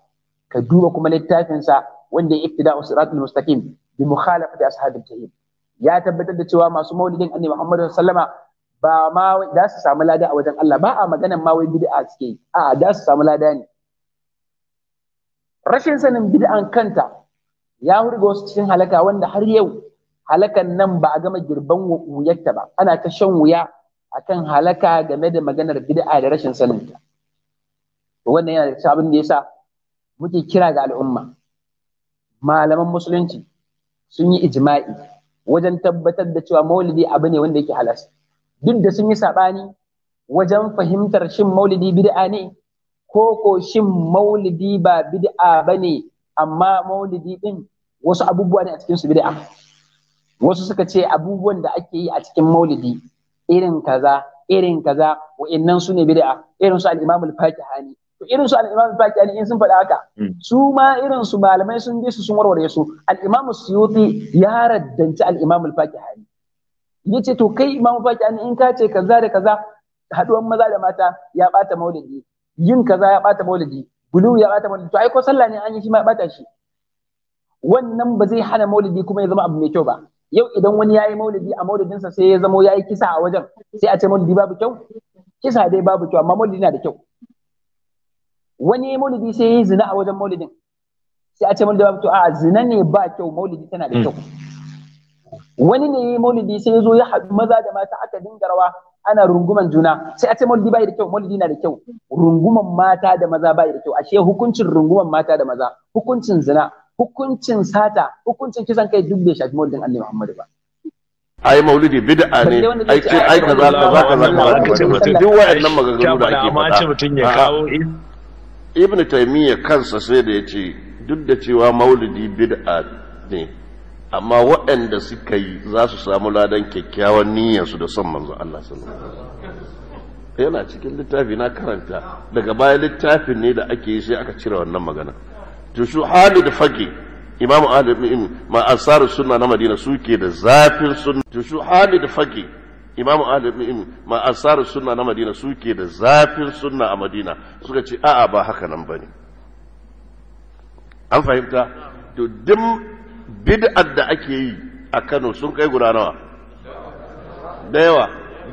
ka duba kuma littafinsa wanda ya iftida usratul mustaqim bi mukhalafati ashabil jahim ya tabbatar da cewa masu maulidin annabi Muhammad sallama ba ma da su samu lada a wajen Allah ba a maganan ma wai bid'a suke a da su samu lada ne rashin sanin bid'an kanta ya hurga wasu cikin halaka wanda har yau halakan nan ba a gama girban wuyarta ba ana ta shan wuya akan halaka game da maganar bid'a da rashin saninta to wannan yana da abin da yasa muke kira ga al'umma malaman musulunci sun yi ijma'i wajen tabbatar da cewa maulidi abu ne wanda yake halas duk da sun yi saɓani wajen fahimtar shin maulidi bid'a ne ko ko shin maulidi ba bid'a bane amma maulidi din wasu abubuwa ne a cikinsu bid'a wasu suka ce abubuwan da ake yi a cikin maulidi irin kaza irin kaza wa'annan su ne bid'a irin su al-imam al-fakihani To irin su al-imam al in sun faɗa haka hmm. su ma irin su malamai sun bi su sun warware su al-imam ya raddanci al-imam al-baqi yace to kai imam al-baqi in ka ce kaza da kaza haduwan maza da mata ya bata maulidi yin kaza ya bata maulidi bulu ya bata maulidi to ai ko sallah ne an yi shi ma bata shi wannan ba zai hana maulidi kuma ya zama abu mai kyau ba yau idan wani ya yi maulidi a maulidinsa sai ya zamo ya yi kisa a wajen sai a ce maulidi babu kyau kisa dai babu kyau amma maulidi na da kyau wani maulidi sai yi zina a wajen maulidin sai a ce maulidi ba to a zina ne ba kyau maulidi tana da kyau wani ne yi maulidi sai ya zo ya haɗu maza da mata aka dinga rawa ana runguman juna sai a ce maulidi ya da kyau maulidi na da kyau runguman mata da maza ya da kyau ashe hukuncin runguman mata da maza hukuncin zina hukuncin sata hukuncin kisan kai duk bai shafi maulidin annabi Muhammad ba ai maulidi bid'a ne ai ce ai kaza kaza kaza kaza duk wa'annan maganganu da ake faɗa amma ce mutun ya kawo ibn taimiyya kansa sai da ya ce duk da cewa maulidi bid'a ne amma waɗanda suka yi za su samu ladan kyakkyawan niyyarsu da son manzo Allah sallallahu yana cikin littafi na karanta daga baya littafin ne da ake yi sai aka cire wannan magana to shu halu da faqi imamu ahli ma asar sunna na madina suke da zafin sunna to shu halu da faqi imamu ma ansar sunna na madina suke da zafin sunna a madina suka ce a'a ba haka nan ne an fahimta to duk bid'ar da ake yi a Kano sun kai guda nawa da yawa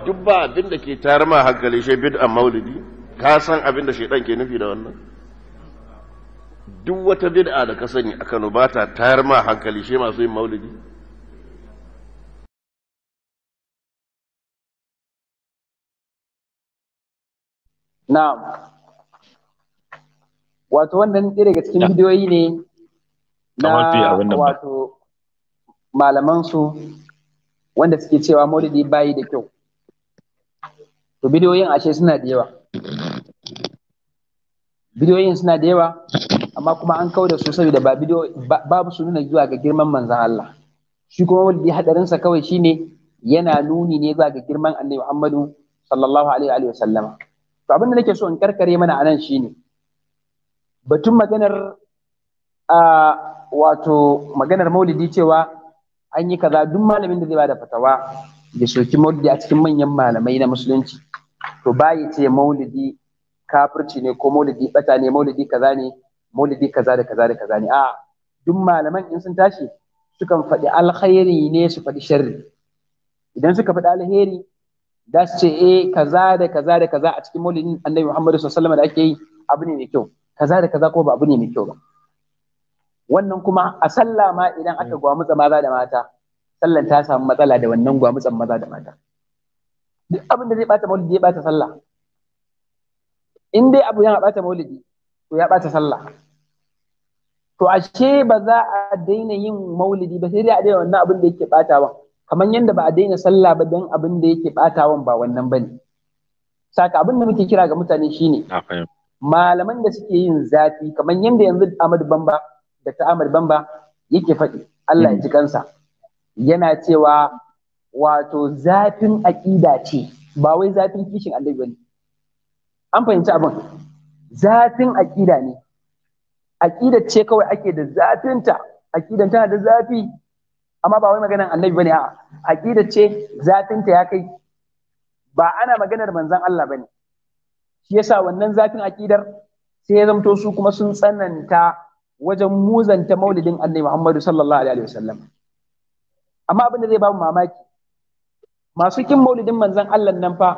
duk ba abin da ke tayar ma hankali shi bid'ar maulidi ka san abin da shaidan ke nufi da wannan duk wata bid'a da ka sani a Kano ba ta tayar ma hankali shi masu yin maulidi na Wato wannan ɗaya daga cikin bidiyoyi ne na wato malamansu wanda suke cewa maulidi bayi da kyau. To bidiyoyin ashe suna da yawa. Bidiyoyin suna da yawa amma kuma an kawo da su saboda ba bidiyo babu su nuna zuwa ga girman manzan Allah. Shi kuma maulidi hadarinsa kawai shine yana nuni ne zuwa ga girman Annabi Muhammadu sallallahu alaihi wa sallama. to abin da nake so in karkare mana anan shine batun maganar a wato maganar maulidi cewa an yi kaza duk malamin da zai bada fatawa ya soki maulidi a cikin manyan malamai na musulunci to bayi ce maulidi kafirci ne ko maulidi bata ne maulidi kaza ne maulidi kaza da kaza da kaza ne a duk malaman in sun tashi sukan faɗi alkhairi ne su faɗi sharri idan suka faɗi alheri da su ce eh kaza da kaza da kaza a cikin maulidin annabi Muhammadu sallallahu alaihi da ake yi abu ne mai kyau kaza da kaza ko ba abu ne mai kyau ba wannan kuma a sallah ma idan aka gwamutsa maza da mata sallan ta samu matsala da wannan gwamutsan maza da mata duk abin da zai bata maulidi ya bata sallah in dai abu yana bata maulidi to ya bata sallah to ashe ba za a daina yin maulidi ba sai dai a daina wannan abin da yake bata ba kamar yadda ba a daina sallah ba don abin da yake batawan ba wannan bane saka abin da muke kira ga mutane shine malaman da suke yin zafi kamar yadda yanzu Ahmad Bamba da ta Ahmad Bamba yake faɗi Allah ya ji kansa yana cewa wato zafin aƙida ce ba wai zafin kishin Allah bane an fahimci abin zafin aƙida ne aƙida ce kawai ake da zafinta aƙidan tana da zafi amma ba wai maganar annabi bane a'a aqida ce zafinta ya kai ba ana maganar manzon Allah bane shi yasa wannan zafin aqidar sai ya zamto su kuma sun tsananta wajen muzanta maulidin annabi Muhammadu sallallahu alaihi wasallam amma abin da zai ba mu mamaki masu kin maulidin manzon Allah nan fa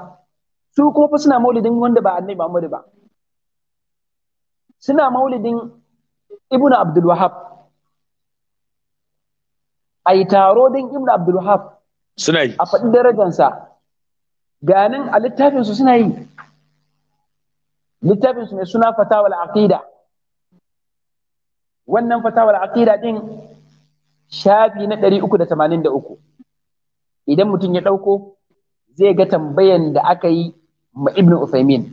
su kuma fa suna maulidin wanda ba annabi Muhammadu ba suna maulidin Ibnu Abdul Wahab a yi taro don ibn abdulhaf suna yi a faɗi darajansa ganin a littafinsu suna yi littafinsu mai suna fatawal aqida wannan fatawal aqida din shafi na 383 idan mutum ya ɗauko zai ga tambayan da aka yi ma ibn Uthaymin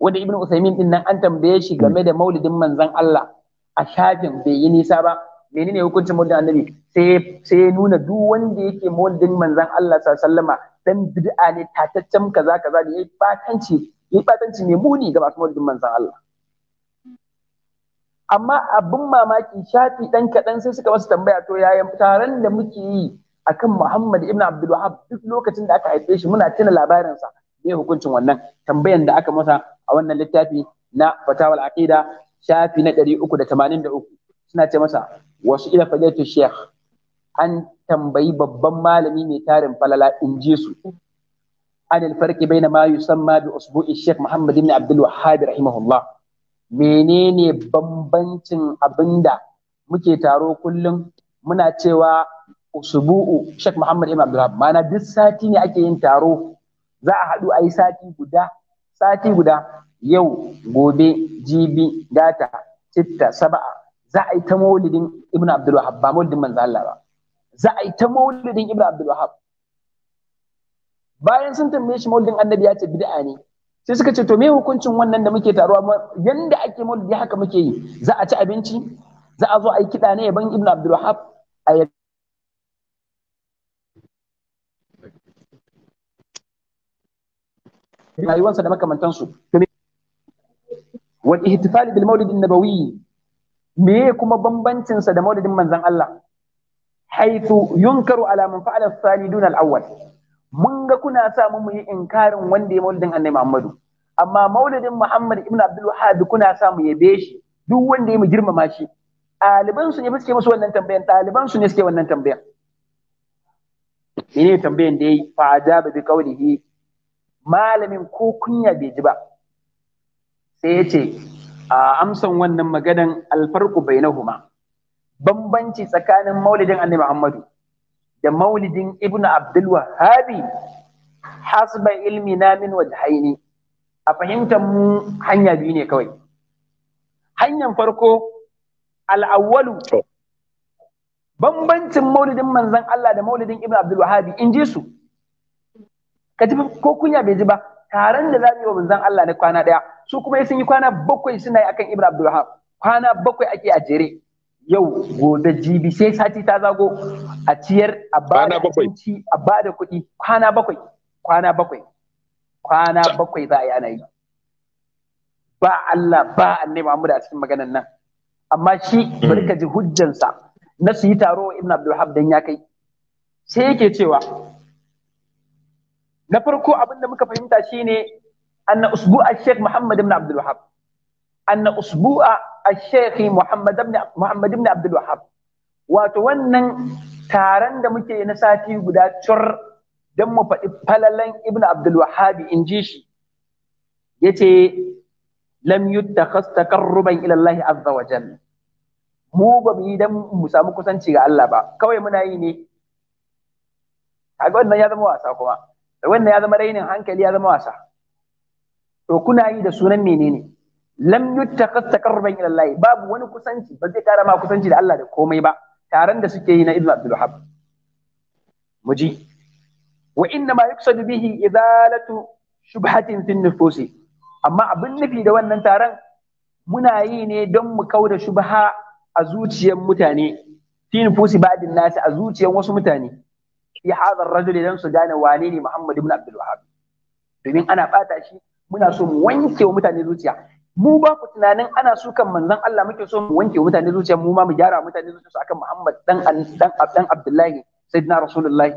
wanda ibn Uthaymin din nan an tambaye shi game da maulidin manzon Allah a shafin bai yi nisa ba menene hukuncin maulidin annabi sai sai ya nuna duk wanda yake maulidin manzan Allah sallama dan bid'a ne tataccen kaza kaza ne yayi batanci yayi batanci mai muni ga masu maulidin manzon Allah amma abin mamaki shafi dan kadan sai suka masa tambaya to yaya taron da muke yi akan Muhammad ibn Abdul Wahhab duk lokacin da aka haife shi muna tuna labarinsa me hukuncin wannan tambayan da aka masa a wannan littafi na fatawal aqida shafi na 383 suna ce masa wasu ila fadilatu sheikh an tambayi babban malami mai tarin falala in ji su an alfarki bai na ma yusamma bi usbu'i sheikh muhammad ibn abdul wahhab rahimahullah menene bambancin abinda muke taro kullum muna cewa usbu'u sheikh muhammad ibn abdul wahhab mana duk sati ne ake yin taro za a haɗu a yi sati guda sati guda yau gobe jibi gata citta saba'a za a yi ta maulidin ibnu abdul ba maulidin manzo Allah ba za a yi ta maulidin ibnu abdul bayan sun tambaye shi maulidin annabi ya ce bid'a ne sai suka ce to me hukuncin wannan da muke taruwa yanda ake maulidi haka muke yi za a ci abinci za a zo a yi kiɗa ne yaban Ibn Abdulwahab? wahab a rayuwarsa da makamantansu wal ihtifal bil maulid an-nabawi me kuma bambancinsa da maulidin manzon Allah haitu yunkaru ala man fa'ala as-salidun al-awwal mun ga kuna sa mu yi inkarin wanda ya maulidin annabi Muhammadu amma maulidin Muhammad ibn Abdul Wahhab kuna sa mu yabe shi duk wanda ya mu girmama shi ɗaliban su ne suke musu wannan tambayan ɗaliban su ne suke wannan tambayan mene tambayan da yayi fa ajaba bi qawlihi malamin ko kunya bai ji ba sai ya ce a amsan wannan maganan alfarqu bainahuma bambanci tsakanin maulidin annabi Muhammadu da maulidin ibn Abdul habi hasba ilmi na min wajhaini a fahimtar mu hanya biyu ne kawai hanyar farko al'awwalu bambancin maulidin manzon Allah da maulidin ibn Abdul Wahhabi in ji su ka ji ko kunya bai ji ba taron da za a yi wa manzan Allah na kwana daya su kuma sun yi kwana bakwai suna yi akan Ibn Abdul kwana bakwai ake a jere yau gobe jibi sai sati ta zago a ciyar a bada kuɗi a bada kuɗi kwana bakwai kwana bakwai kwana bakwai za a yi ana yi ba Allah ba annabi Muhammad a cikin maganar nan amma shi bari ka ji hujjansa na su yi taro Ibn Abdul dan ya kai sai yake cewa na farko abin da muka fahimta shine أن أسبوع الشيخ محمد بن عبد الوهاب أن أسبوع الشيخ محمد بن محمد بن عبد الوهاب وتونن taron da muke na sati guda cur don mu faɗi falalan ibn abdulwahabi in ji shi ya ce lam yuddakas takarruban ilallahi azza wa jal mu ba mu mu samu kusanci ga Allah ba kawai muna yi ne kaga wannan ya zama wasa kuma da wannan ya zama rainin hankali ya zama wasa to kuna yi da sunan menene lam yuttaqat taqarruban ila Allah babu wani kusanci ba zai kara ma kusanci da Allah da komai ba taron da suke yi na Ibn Abdul Wahhab muji wa inna ma yuqsadu bihi idalatu shubhatin fi nufusi amma abin nufi da wannan taron muna yi ne don mu kauda shubha a zuciyar mutane fi nufusi ba'din nasi a zuciyar wasu mutane fi hadha ar-rajuli dan su gane wane ne Muhammad ibn Abdul Wahhab domin ana bata shi muna so mu wanke wa mutane zuciya mu ba ku tunanin ana sukan manzon Allah muke so mu wanke mutane zuciya mu ma mu gyara mutane zuciya su akan Muhammad dan dan dan Abdullahi sayyidina Rasulullahi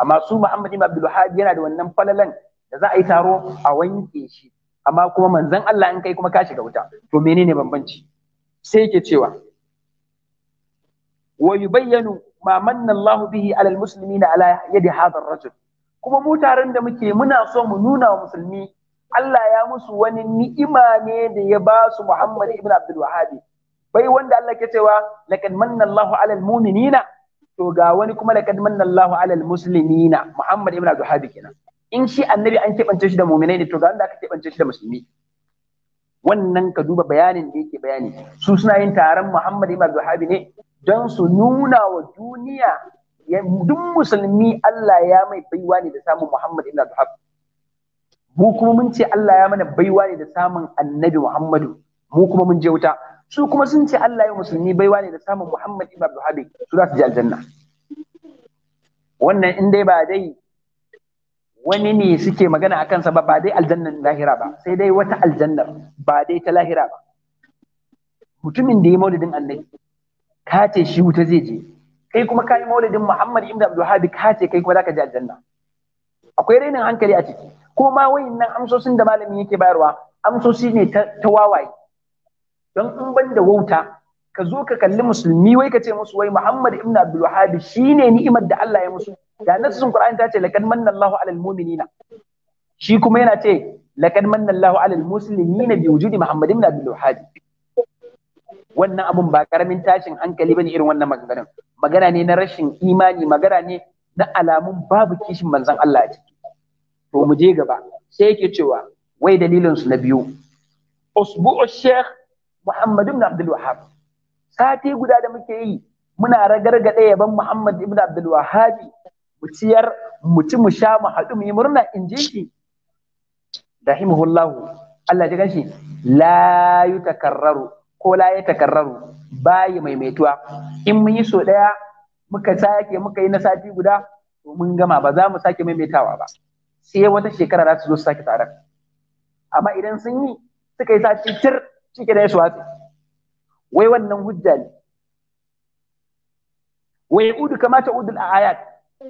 amma su Muhammad ibn Abdul Wahhab yana da wannan falalan da za a yi taro a wanke shi amma kuma manzon Allah in kai kuma ka shiga wuta to menene bambanci sai yake cewa wa yubayyanu ma manna Allahu bihi alal muslimina ala yadi hadha ar-rajul kuma mu taron da muke muna so mu nuna wa musulmi Allah ya musu wani ni'ima ne da ya ba su Muhammad ibn Abdul Wahhab bai wanda Allah ke cewa laqad manna Allahu 'alal mu'minina to ga wani kuma laqad manna Allahu 'alal muslimina Muhammad ibn Abdul Wahhab kenan in shi annabi an keɓance shi da mu'minai ne to ga wanda aka keɓance shi da musulmi wannan ka duba bayanin da yake bayani su suna yin taron Muhammad ibn Abdul Wahhab ne don su nuna wa duniya duk musulmi Allah ya mai baiwa ne da samun Muhammad ibn Abdul mu kuma mun ce Allah ya mana baiwa ne da samun Annabi Muhammadu mu kuma mun je wuta su kuma sun ce Allah ya musulmi baiwa ne da samun Muhammad ibn Abdul Habib su za su je aljanna wannan in dai ba dai wani ne suke magana a kansa ba ba dai aljannan lahira ba sai dai wata aljannar ba dai ta lahira ba mutumin da ya maulidin annabi ka ce shi wuta zai je kai kuma kayi maulidin Muhammad ibn Abdul ka ce kai kuma zaka je aljanna akwai rainin hankali a ciki ko ma wayannan amsosin da malamin yake bayarwa amsosi ne ta wawaye don in ban da wauta ka zo ka kalli musulmi wai ka ce musu wai Muhammad ibn Abdul Wahhab shine ni'imar da Allah ya musu da nassin Qur'ani ta ce laqad manna Allahu 'alal mu'minina shi kuma yana ce laqad manna Allahu 'alal muslimina bi wujudi Muhammad ibn Abdul wannan abun ba karamin tashin hankali bane irin wannan maganganun magana ne na rashin imani magana ne na alamun babu kishin manzon Allah a ciki to mu je gaba sai yake cewa wai dalilin su na biyu usbu'u sheikh Muhammad ibn Abdul Wahhab sati guda da muke yi muna ragargada yaban Muhammad ibn Abdul Wahhab mu ciyar mu ci mu sha mu haɗu mu yi murna in ji shi rahimahullahu Allah ya ganshi la yutakarraru ko la ya takarraru bayi maimaituwa in mun yi so daya muka sake muka yi na sati guda to mun gama ba za mu sake maimaitawa ba sai wata shekara za su zo su sake taron amma idan sun yi suka yi sati tir cike da ya watsi wai wannan hujja ne wai udu kamata udul ayat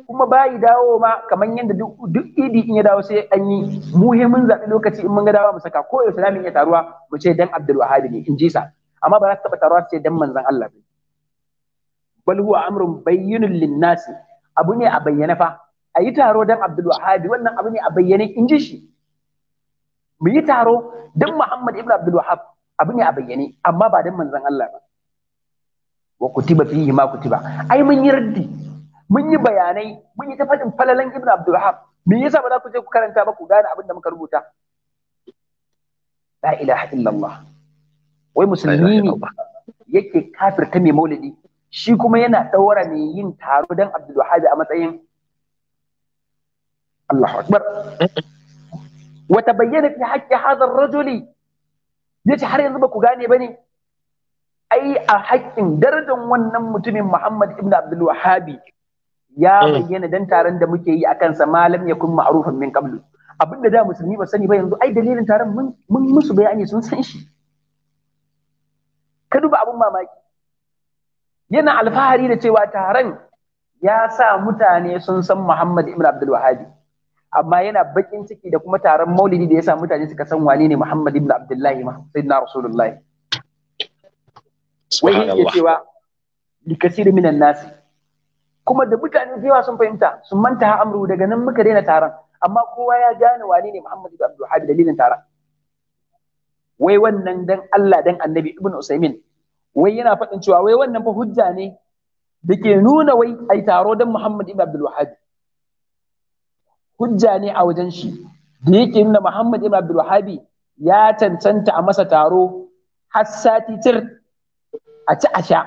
kuma bayi dawo ma kamar yadda duk idi in ya dawo sai an yi muhimmin mun zaɓi lokaci in mun ga dawa mu saka ko yaushe zamu iya taruwa mu ce dan Abdul wahabi ne in ji sa amma ba za ta taɓa taruwa ce dan manzon Allah ba bal huwa amrun bayyinun linnas abu ne a bayyana fa a yi taro dan Abdul Wahabi wannan abu ne a bayyane in ji shi mu yi taro dan Muhammad ibn Abdul Wahab abu ne a bayyane amma ba dan manzon Allah ba wa kutiba fihi ma kutiba ai mun yi raddi mun yi bayanai mun yi tafadin falalan Ibn Abdul Wahab me yasa ba za ku je ku karanta ba ku gane abin da muka rubuta la ilaha illallah wai musulmi ne yake kafirta mai maulidi shi kuma yana ɗaura mai yin taro don abdulwahabi a matsayin Allahu akbar wata bayyana fi haƙƙi hadar rajuli ya ce har yanzu ba ku gane ba ne ai a haƙƙin darajar wannan mutumin muhammad ibn abdulwahabi ya mm. bayyana dan taron da muke yi a kansa malam ya kun ma'arufan min qablu abinda da musulmi ba sani ba yanzu ai dalilin taron mun musu bayani sun san shi ka duba abin mamaki yana alfahari da cewa taron ya sa mutane sun san Muhammad ibn Abdul Wahhabi amma yana bakin ciki da kuma taron maulidi da ya sa mutane suka san wane ne Muhammad ibn Abdullahi sayyidina Rasulullahi wai yake cewa likasir minan nasi kuma da mutane da yawa sun fahimta sun manta amru daga nan muka daina taron amma kowa ya gane wane ne Muhammad ibn Abdul Wahhabi dalilin taron wai wannan dan Allah dan annabi ibn Usaimin wai yana faɗin cewa wai wannan fa hujja ne da ke nuna wai ai taro dan Muhammad ibn Abdul Wahhab hujja ne a wajen shi da yake nuna Muhammad ibn Abdul Wahhab ya cancanta a masa taro har sati tir a ci a sha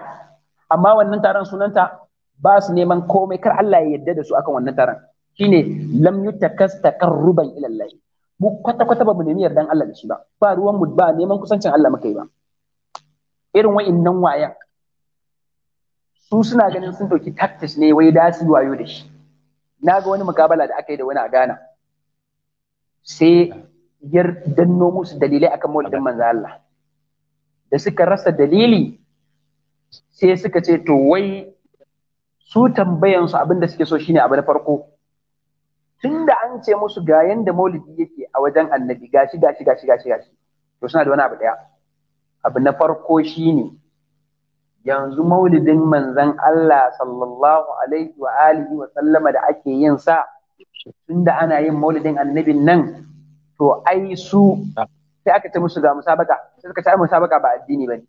amma wannan taron sunanta ba su neman komai kar Allah ya yarda da su akan wannan taron shine lam yutakas taqarruban ila Allah mu kwata kwata ba mu nemi yardan Allah da shi ba ba ruwan mu ba neman kusancin Allah muka yi ba irin wa'innan waya su suna ganin sun dauki tactics ne wai da su wayo da shi na ga wani mukabala da aka yi da wani a Ghana sai yar danno musu dalilai akan maulidin manzo Allah da suka rasa dalili sai suka ce to wai su tambayansu abin da suke so shine abu na farko Tun da an ce musu ga yanda maulidi yake a wajen annabi gashi gashi gashi gashi gashi to suna da wani abu daya abu na farko shine yanzu maulidin manzon Allah sallallahu alaihi wa alihi wa sallama da ake yin sa tunda ana yin maulidin annabin nan to ai su sai aka ce musu ga musabaka sai suka ce musabaka ba addini bane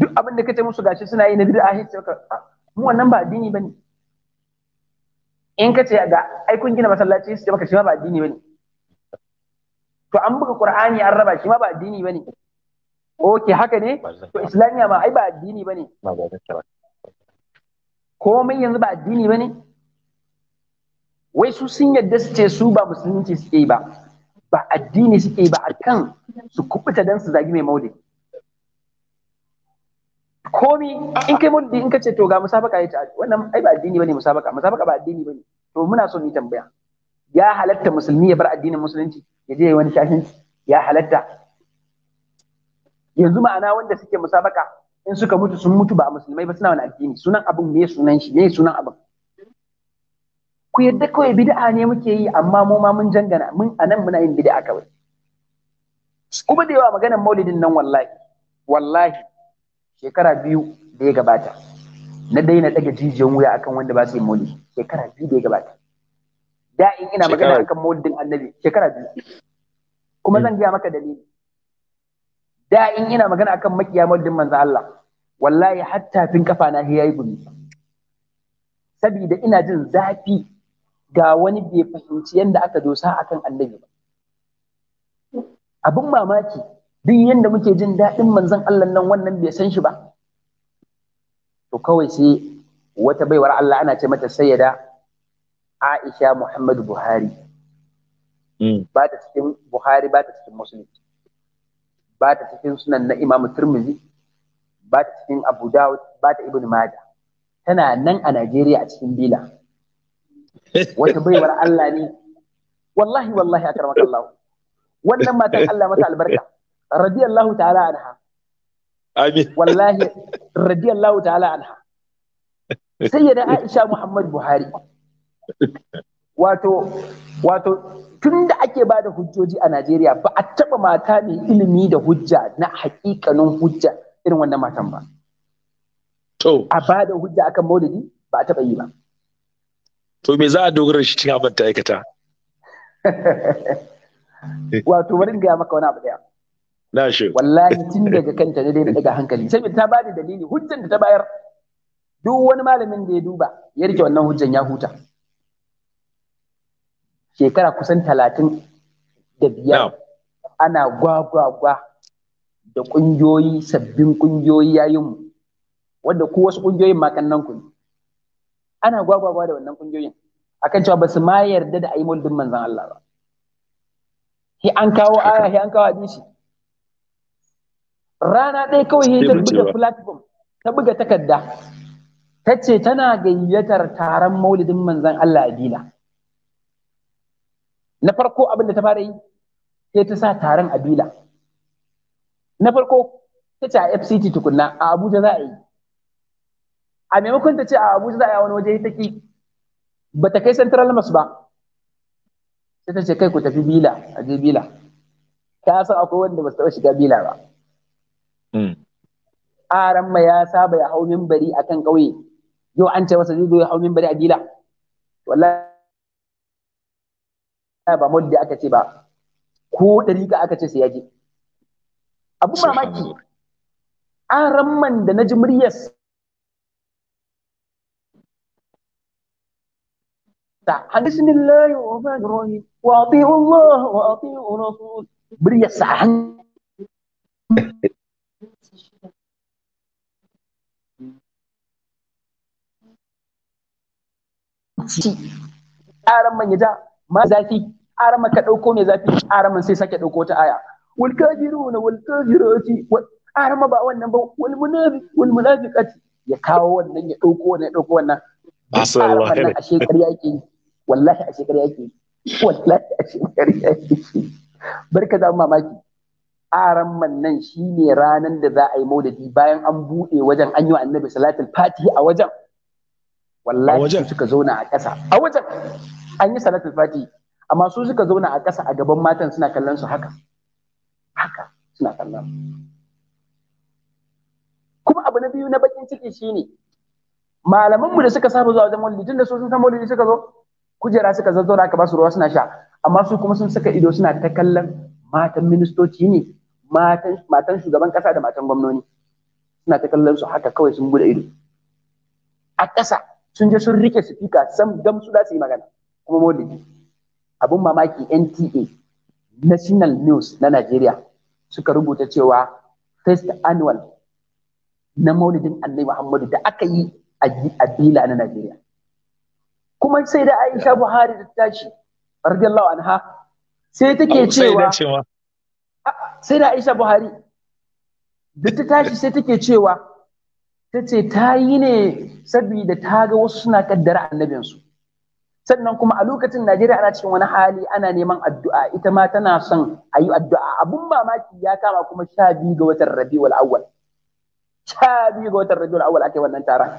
duk abin da kace musu gashi suna yi na bid'a sai ka ah, mu wannan ba addini bane in ka ce ga ai kun gina masallaci sai maka shi ma ba addini bane to an buga qur'ani an raba shi ma ba addini bane okay haka ne to islamiya ma ai ba addini bane komai yanzu ba addini bane wai su sun yadda su ce su ba musulunci suke ba ba addini suke ba akan su kubuta dan su zagi mai maulidi komi in kai mulki in ka ce to ga musabaka yace wannan ai ba addini bane musabaka musabaka ba addini bane to muna so mu tambaya ya halatta musulmi ya bar addinin musulunci ya je wani shashin ya halatta yanzu ma'ana wanda suke musabaka in suka mutu sun mutu ba musulmai ba suna wani addini sunan abin me sunan shi me sunan abin ku yadda kawai bid'a ne muke yi amma mu ma mun jangana mun anan muna yin bid'a kawai kuma da yawa maganar maulidin nan wallahi wallahi shekara biyu da ya gabata na daina daga jijiyan wuya akan wanda ba su yi maulidi shekara biyu da ya gabata da in ina magana akan maulidin annabi shekara biyu kuma zan mm. gaya maka dalili da in ina magana akan makiya maulidin manzo Allah wallahi hatta fin kafa na yayi gumi saboda ina jin zafi ga wani bai fahimci yadda aka dosa akan annabi ba abin mamaki duk yanda muke jin daɗin manzon Allah nan wannan bai san shi ba to kawai sai wata baiwar Allah ana ce mata sayyada Aisha Muhammadu Buhari hmm. ba ta cikin Buhari ba ta cikin Muslim ba ta cikin sunan na Imam Tirmidhi ba ta cikin Abu Dawud ba ta Ibn Majah tana nan a Najeriya a cikin bila (laughs) wata baiwar Allah ne wallahi wallahi akramakallahu wannan matan Allah masa albarka radiyallahu ta'ala anha amin wallahi radiyallahu ta'ala anha sayyida (laughs) Aisha Muhammad Buhari wato wato tun da ake ba da hujjoji a Najeriya ba a taba mata mai ilimi da hujja na hakikanin hujja irin wannan matan ba to a ba da hujja akan maulidi ba a taba yi ba to me za a dogara shi cikin abin ta aikata (laughs) wato wani in gaya maka wani abu daya na shi wallahi tun daga kanta ne dai daga hankali saboda ta bada dalili hujjan da ta bayar duk wani malamin da ya duba ya rike wannan hujjan ya huta shekara kusan talatin da biyar ana gwagwagwa da ƙungiyoyi sabbin ƙungiyoyi yayin mu wanda ku wasu ƙungiyoyin makannan ku ne ana gwagwagwa da wannan ƙungiyoyin akan cewa ba su ma yarda da ayi mulkin manzon Allah ba sai an kawo aya sai an kawo hadisi rana ɗaya kawai ta buga platform ta buga takarda ta ce tana gayyatar taron maulidin manzan Allah a Dila. Na farko abin da ta fara yi sai ta sa taron a Dila. Na farko ta ce a FCT tukunna a Abuja za a yi. A maimakon ta ce a Abuja za a yi wani waje ta ki ba ta kai Central mas ba. Sai ta ce kai ku tafi Bila a je Bila. Ta san akwai wanda ba su taɓa shiga Bila ba. Mm. aran ma ya saba ya hau a kan ƙauye. yau an ce masa zai zo ya hau mimbari a dila wallahi ba mulki aka ce ba ko ɗari ka aka ce sai ya je Abu mamaki an man da na ji muryar ta bismillahi rahmanir rahim wa ati'u Allah wa ati'u rasul muryar sa hukunci aran man ya ja ma zafi aran ka dauko mai zafi aran man sai sake dauko ta aya wal kafiruna wal kafirati aran ba wannan ba wal munafiq wal munafiqati ya kawo wannan ya dauko wannan ya dauko wannan ba a shekar yake wallahi a shekar yake wallahi a barka da mamaki aran man nan shine ranan da za a yi maulidi bayan an bude wajen an yi wa annabi salatul fatihi a wajen wallahi su suka zauna a ƙasa a wajen an yi salatul fati amma su suka zauna a ƙasa a gaban matan suna kallon su haka haka suna kallon kuma abu na biyu na bakin ciki shine malaman mu da suka saba zuwa wajen wallahi tunda su sun san maulidi suka zo kujera suka zazzauna aka ba su ruwa suna sha amma su kuma sun saka ido suna ta kallon matan ministoci ne matan matan shugaban kasa da matan gwamnoni suna ta kallon su haka kawai sun bude ido a ƙasa sun je sun rike speaker sam gamsu za su yi magana kuma maulidi abun mamaki NTA National News na Najeriya suka rubuta cewa first annual na maulidin Annabi Muhammadu da aka yi a Bila na Najeriya kuma sai da Aisha Buhari ta tashi radiyallahu anha sai take cewa sai da Aisha Buhari da ta tashi sai take cewa ta ce ta yi ne saboda ta ga wasu suna kaddara annabinsu sannan kuma a lokacin Najeriya ana cikin wani hali ana neman addu'a ita ma tana son a yi addu'a abun mamaki ya kama kuma sha biyu ga watan Rabiul Awwal sha biyu ga watan Rabiul Awwal aka yi wannan taron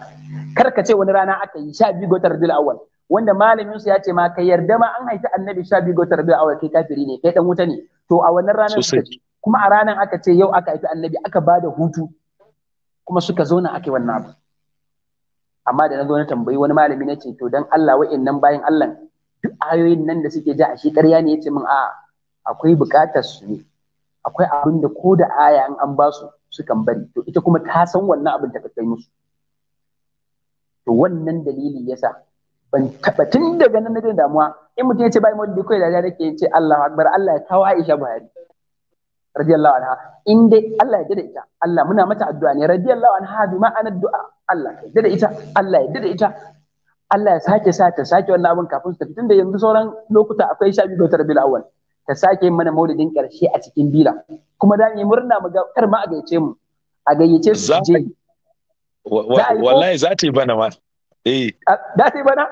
kar ka ce wani rana aka yi sha biyu ga watan Rabiul Awwal wanda malaminsu ya ce ma ka yarda ma an haifi annabi sha biyu ga watan Rabiul Awwal kai kafiri ne kai dan wuta ne to a wannan ranar kuma a ranar aka ce yau aka haifi annabi aka bada hutu kuma suka zauna ake wannan abu amma da na zo na tambayi wani malami na ce to dan Allah wa'annan bayan Allah duk ayoyin nan da suke ja a shi ƙarya ne yace min a akwai buƙatar su ne akwai abin da ko da aya an an basu su sukan bari to ita kuma ta san wannan abin da kai musu to wannan dalili yasa ban taba tun daga nan na damuwa in mutum ya ce bai mu da kai da ya nake ce Allahu akbar Allah ya kawo Aisha Buhari radiyallahu anha in dai Allah ya dade ita Allah muna mata addu'a ne radiyallahu anha bi ma'anar du'a Allah ya dade ita Allah ya dade ita Allah ya sake sa ta sake wannan abin kafin su tafi tunda yanzu sauran lokuta akwai sha biyu ga rabiul awwal ta sake mana maulidin karshe a cikin bila kuma da mu murna mu ga kar ma a gayyace mu a gayyace su je wallahi za ta yi bana ma eh za ta yi bana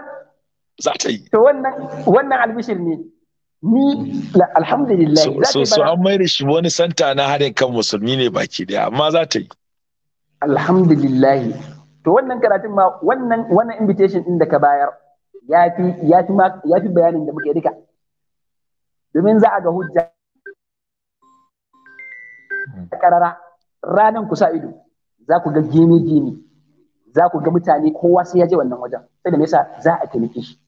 za ta yi to wannan wannan albishir ne ni alhamdulillah so so an mai da shi wani santa na harin kan musulmi ne baki daya amma za ta yi alhamdulillah to wannan karatun ma wannan wannan invitation din da ka bayar ya fi ya fi bayanin da muke duka domin za a ga hujja karara ranan ku sa ido za ku ga gini gini za ku ga mutane kowa sai ya je wannan wajen sai da me yasa za a taimake shi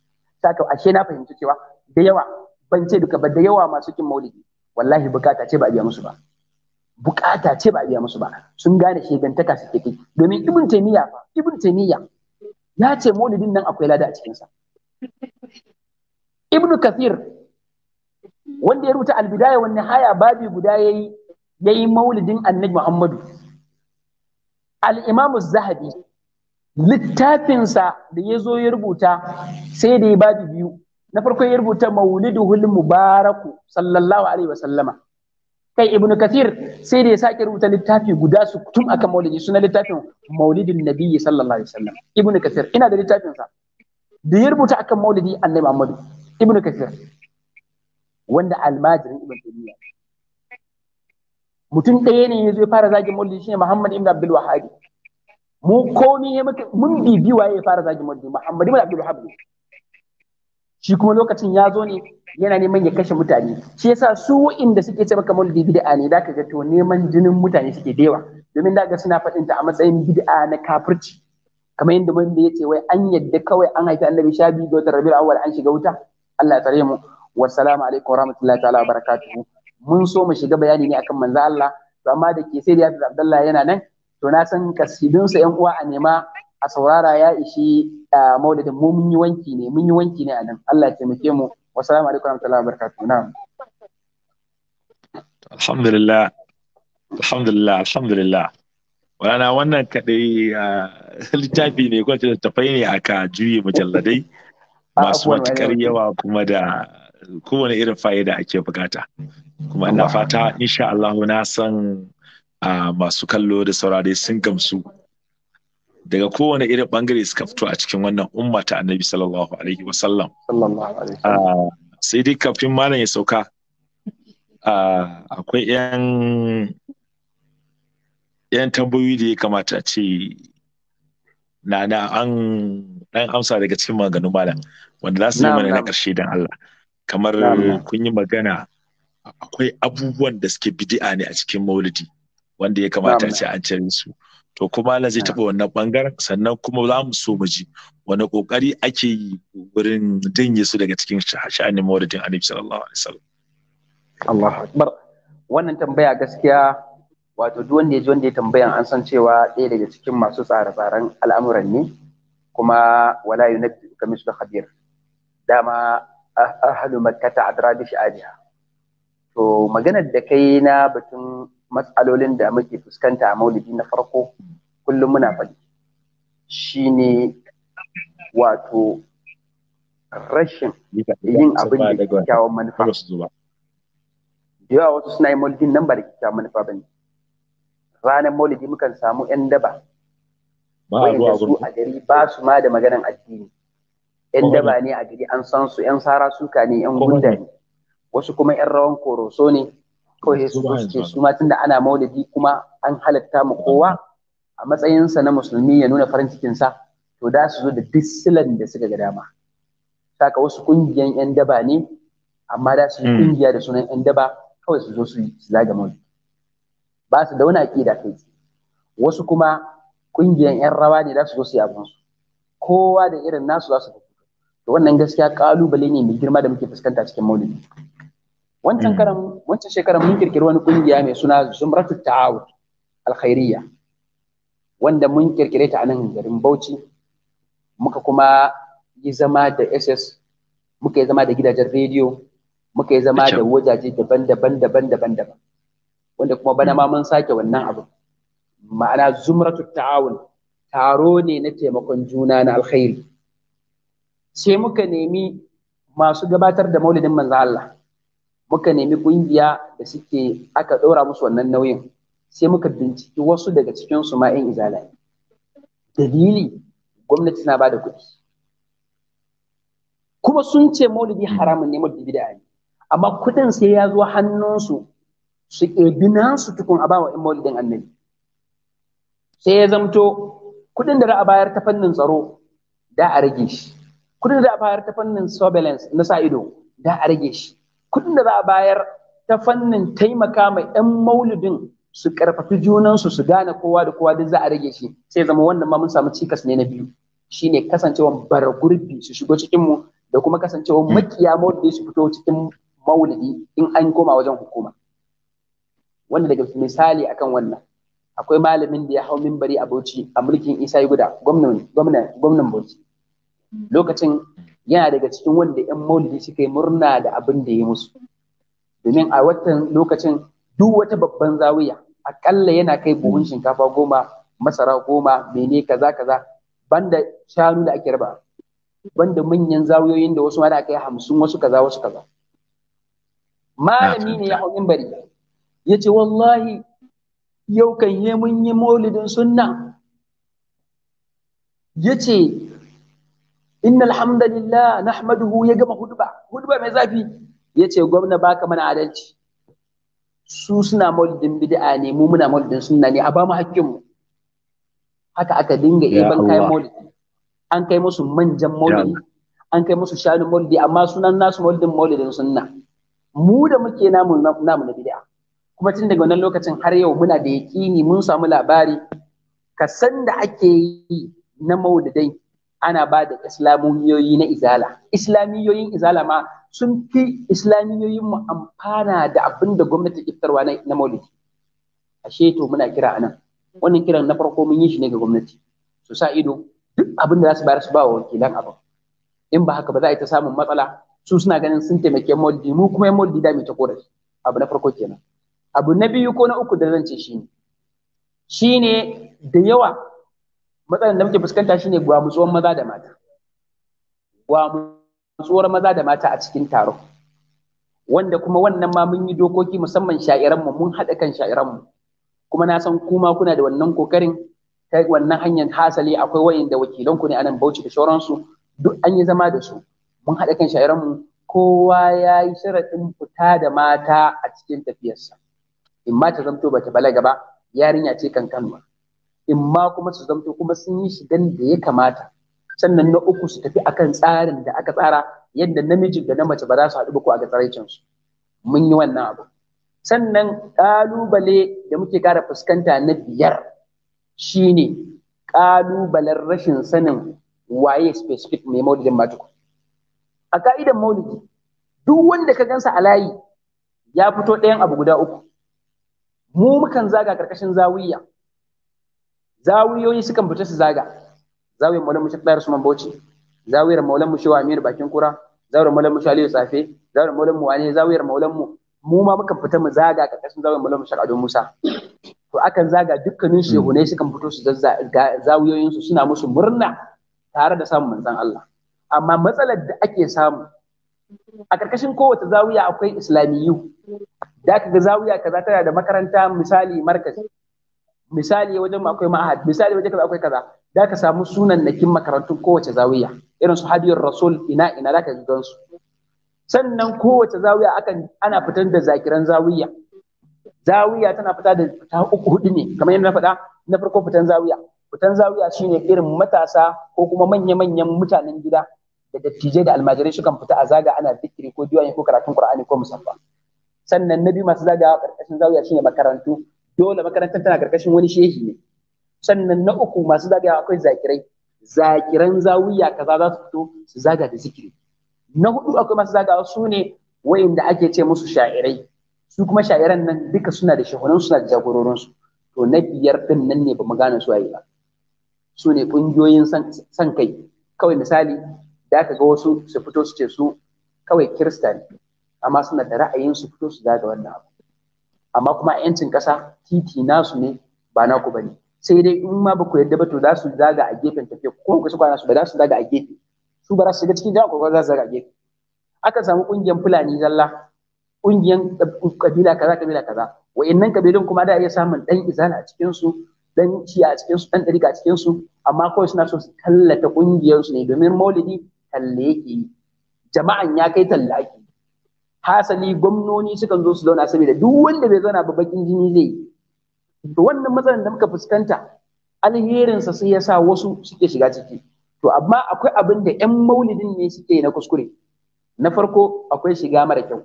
saka ashe na fahimci cewa da yawa ban ce duka ba da yawa masu kin maulidi wallahi bukata ce ba biya musu ba bukata ce ba biya musu ba sun gane shegantaka suke kai domin ibn taymiya fa ibn taymiya ya ce maulidin nan akwai lada a cikin sa ibn kathir wanda ya rubuta albidaya wani haya babi guda yayi yayi maulidin annabi muhammadu al-imam zahabi littafinsa da ya zo ya rubuta sai da ya babi biyu na farko ya rubuta mauliduhul mubaraku sallallahu alaihi wasallama kai ibnu kathir sai da ya sake rubuta littafi guda su tun aka maulidi suna littafin maulidin nabiyyi sallallahu alaihi wasallam ibnu kathir ina da littafin sa da ya rubuta akan maulidi annabi muhammad ibnu kathir wanda almajirin ibn taymiya mutum ɗaya ne ya zo ya fara zagin maulidi shine muhammad ibn abdul wahhab mu komi ya muka mun bibi waye ya fara zagin maulidi muhammad ibn abdul wahhab shi kuma lokacin ya zo ne yana neman ya kashe mutane shi yasa su inda suke ce maka maulidi bid'a ne zaka ga to neman jinin mutane suke da yawa domin daga suna faɗin ta a matsayin bid'a na kafirci kamar yadda wanda ya ce wai an yadda kawai an haifi annabi sha biyu ga watan rabiul awwal an shiga wuta Allah ya tsare mu Wa salamu alaikum warahmatullahi ta'ala barakatuhu mun so mu shiga bayani ne akan manzo Allah to amma da ke sai da Abdullahi yana nan to na san kasidunsa yan uwa a nema a saurara ya ishi maulidin mu mun yi wanki ne mun yi wanki ne a nan Allah ya taimake mu salamu alaikum wa wabarakatuh na'am alhamdulillah alhamdulillah alhamdulillah wana wannan kadai littafi ne ko tafai ne aka juye mujalladai masu matukar yawa kuma da kowane irin fa'ida ake bukata kuma ina fata insha Allah na san masu kallo da saurare sun gamsu daga kowane irin bangare suka fito a cikin wannan umma ta annabi sallallahu alaihi ah, sallam sai dai kafin malam ya sauka ah, akwai yan tambayoyi da ya kamata ce na na an dan amsa daga cikin maganganun malam wanda za su yi mana na karshe dan Allah kamar kun yi magana akwai abubuwan da suke bidi'a ne a cikin maulidi wanda ya kamata ce an cire su to kuma Allah zai ah. taɓa wannan ɓangaren sannan kuma za mu so mu ji wani ƙoƙari ake yi wurin dinye su daga cikin sha'anin mawadadin annabi sallallahu alaihi wasallam Allah akbar wannan tambaya gaskiya wato duk wanda ya ji wanda ya tambayan an san cewa ɗaya daga cikin masu tsare-tsaren al'amuran ne kuma wala yunabbi da khabir dama ahlu makkata adrabish ajiha to maganar da kai na batun matsalolin da muke fuskanta a maulidi na farko kullum muna faɗi shine wato rashin yin abin da kyakkyawan manufa da yawa wasu suna yi maulidin nan ba da kyakkyawan manufa ba ne ranar maulidi mukan samu 'yan daba wanda su a gari ba su ma da maganan addini 'yan daba ne a gari an san su 'yan sara suka ne 'yan gunda ne wasu kuma 'yan rawan koroso ne Kawai Yesu Kristi su ma tunda ana maulidi kuma an halatta mu kowa a matsayinsa na musulmi ya nuna farin cikinsa to da su zo da disilan da suka ga dama saka wasu kungiyan yan daba ne amma da su kungiya hmm. da sunan yan daba kawai su zo su zaga maulidi ba su da wani aƙida kai wasu kuma kungiyan yan rawa ne da su zo su yi abunsu kowa da irin nasu za su fito to wannan gaskiya kalubale ne mai girma da muke fuskanta cikin maulidi wancan mm. karan wancan shekaran mun kirkiri wani kungiya mai suna zumratu ta'awun alkhairiyya wanda mun kirkire ta a nan garin Bauchi muka kuma yi zama da SS muka yi zama da gidajen rediyo muka yi zama da wajaje daban-daban daban-daban daban wanda kuma bana ma mun sake wannan abu ma'ana zumratu ta'awun taro ne na taimakon juna na alkhairi sai muka nemi masu gabatar da maulidin manzo Allah muka nemi ƙungiya da suke aka ɗora musu wannan nauyin sai muka binciki wasu daga cikin su ma 'yan izala dalili gwamnati na bada kuɗi kuma sun ce maulidi haramun ne maulidi bid'a ne amma kuɗin sai ya zo hannunsu su ƙebi nasu tukun a bawa in maulidin annabi sai ya zamto kuɗin da za bayar ta fannin tsaro da a rage shi kuɗin da za bayar ta fannin surveillance na sa ido da a rage shi kuɗin da za a bayar ta fannin taimaka ma 'yan maulidin su karfafi junansu su gane kowa da kowa duk za a rage shi sai zama wannan ma mun samu cikas ne na biyu shine kasancewan bara gurbi su shigo cikin mu da kuma kasancewan hmm. makiya maulidi su fito cikin maulidi in an koma wajen hukuma wanda daga misali akan wannan akwai malamin da ya hau mimbari a Bauchi a mulkin Isa Guda gwamnan Bauchi hmm. lokacin yana daga cikin wanda 'yan maulidi suka yi murna da abin da ya musu domin a watan lokacin duk wata babban zawiya akalla yana kai buhun shinkafa goma masara goma mene kaza kaza banda shanu da ake raba banda manyan zawiyoyin da wasu ma da aka yi hamsin wasu kaza wasu kaza malami ne ya hau bari ya ce wallahi yau kan yi mun yi maulidin sunna ya ce inna alhamdulillah nahmaduhu ya gama hudba hudba mai zafi ya ce gwamna baka mana adalci su suna maulidin bid'a ne mu muna maulidin sunna ne a ba mu haka aka dinga iban kai maulidi an kai musu manjan maulidi an kai musu shanu maulidi amma sunan nasu maulidin maulidin sunna mu da muke namu namu na bid'a kuma tun daga wannan lokacin har yau muna da yaƙini mun samu labari ka san da ake yi na maulidai ana ba da islamiyoyi na izala islamiyoyin izala ma sun fi islamiyoyin mu amfana da abin da gwamnati iftarwa na maulidi ashe to muna kira anan wannan kiran na farko mun yi shi ne ga gwamnati su sa ido duk abin da za su bayar su ba wa wakilan abin in ba haka ba za a yi ta samun matsala su suna ganin sun taimake maulidi mu kuma maulidi da mu ta korafi abu na farko kenan abu na biyu ko na uku da zan ce shi ne. da yawa matsalar da muke fuskanta shine gwamutsuwar maza da mata gwamutsuwar maza da mata a cikin taro wanda kuma wannan ma mun yi dokoki musamman sha'iranmu mun haɗa kan sha'iranmu kuma na san kuma kuna da wannan kokarin ta wannan hanyar hasali akwai wayanda wakilanku ne anan Bauchi da sauransu duk an yi zama da su mun haɗa kan sha'iranmu kowa ya yi sharaɗin fita da mata a cikin tafiyarsa in ma ta zamto bata balaga ba yarinya ce kan kanwa in ma kuma su zamto kuma sun yi shi dan da ya kamata sannan na uku su tafi akan tsarin da aka tsara yadda namiji da na mace ba za su haɗu ba ko a gatsaraicin su mun yi wannan abu sannan ƙalubale da muke kara fuskanta na biyar shine ƙalubalen rashin sanin waye specific mai maulidin matuku a ka'idan maulidi duk wanda ka gansa a layi ya fito ɗayan abu guda uku mu mukan zaga karkashin zawiya zawiyoyi sukan fita su zaga zawiyar maulan mushi tsayar su mambauci zawiyar maulan mushi wa amir bakin kura zawiyar maulan mushi aliyu safe zawiyar maulan mu wani zawiyar maulan mu mu ma mukan fita mu zaga karkashin zawiyar maulan mushi ado musa to akan zaga dukkanin shehunai sukan fito su zawiyoyin su suna musu murna tare da samun manzon Allah amma matsalar da ake samu a karkashin kowace zawiya akwai islamiyu da aka ga zawiya kaza tana da makaranta misali markazi misali wajen akwai ma'ahad misali wajen kaza akwai kaza da ka samu sunan nakin makarantun kowace zawiya irin su hadiyar rasul ina ina da ka gan su sannan kowace zawiya akan ana fitar da zakiran zawiya zawiya tana fita da ta uku hudu ne kamar yadda na faɗa na farko fitan zawiya fitan zawiya shine irin matasa ko kuma manya-manyan mutanen gida da dattijai da almajirai sukan fita a zaga ana zikiri ko diwani ko karatun qur'ani ko musaffa sannan na biyu masu zagawa karkashin zawiya shine makarantu dole makarantar tana karkashin wani shehi ne sannan na uku masu zagaya akwai zakirai zakiran zawiya kaza za su fito su zaga da zikiri na hudu akwai masu zagawa su ne wa'inda ake ce musu sha'irai su kuma sha'iran nan duka suna da shahunan suna da jagororinsu to na biyar din nan ne ba mu gane su ba su ne kungiyoyin san kai kawai misali da aka ga wasu su fito su ce su kawai kirista ne amma suna da ra'ayin su fito su zaga wannan abu amma kuma yancin ƙasa titi nasu ne ba naku bane sai dai in ma ba ku yadda ba to za su zaga a gefen tafiya ko ku kwana su ba za su zaga a gefe su ba za su shiga cikin jama'a ko za su zaga a gefe aka samu ƙungiyar fulani zalla ƙungiyar kabila kaza kabila kaza wa'annan kabilun kuma da iya samun dan izala a cikin su dan ciya a cikin su dan dariƙa a cikin su amma kawai suna so su tallata ƙungiyar su ne domin maulidi talle yake yi jama'an ya kai talla ake hasali gwamnoni sukan zo su zauna saboda duk wanda bai zauna ba bakin jini zai yi to wannan matsalar da muka fuskanta alherin sa sai ya sa wasu suke shiga ciki to amma akwai abin da 'yan maulidin ne suke na kuskure na farko akwai shiga mara kyau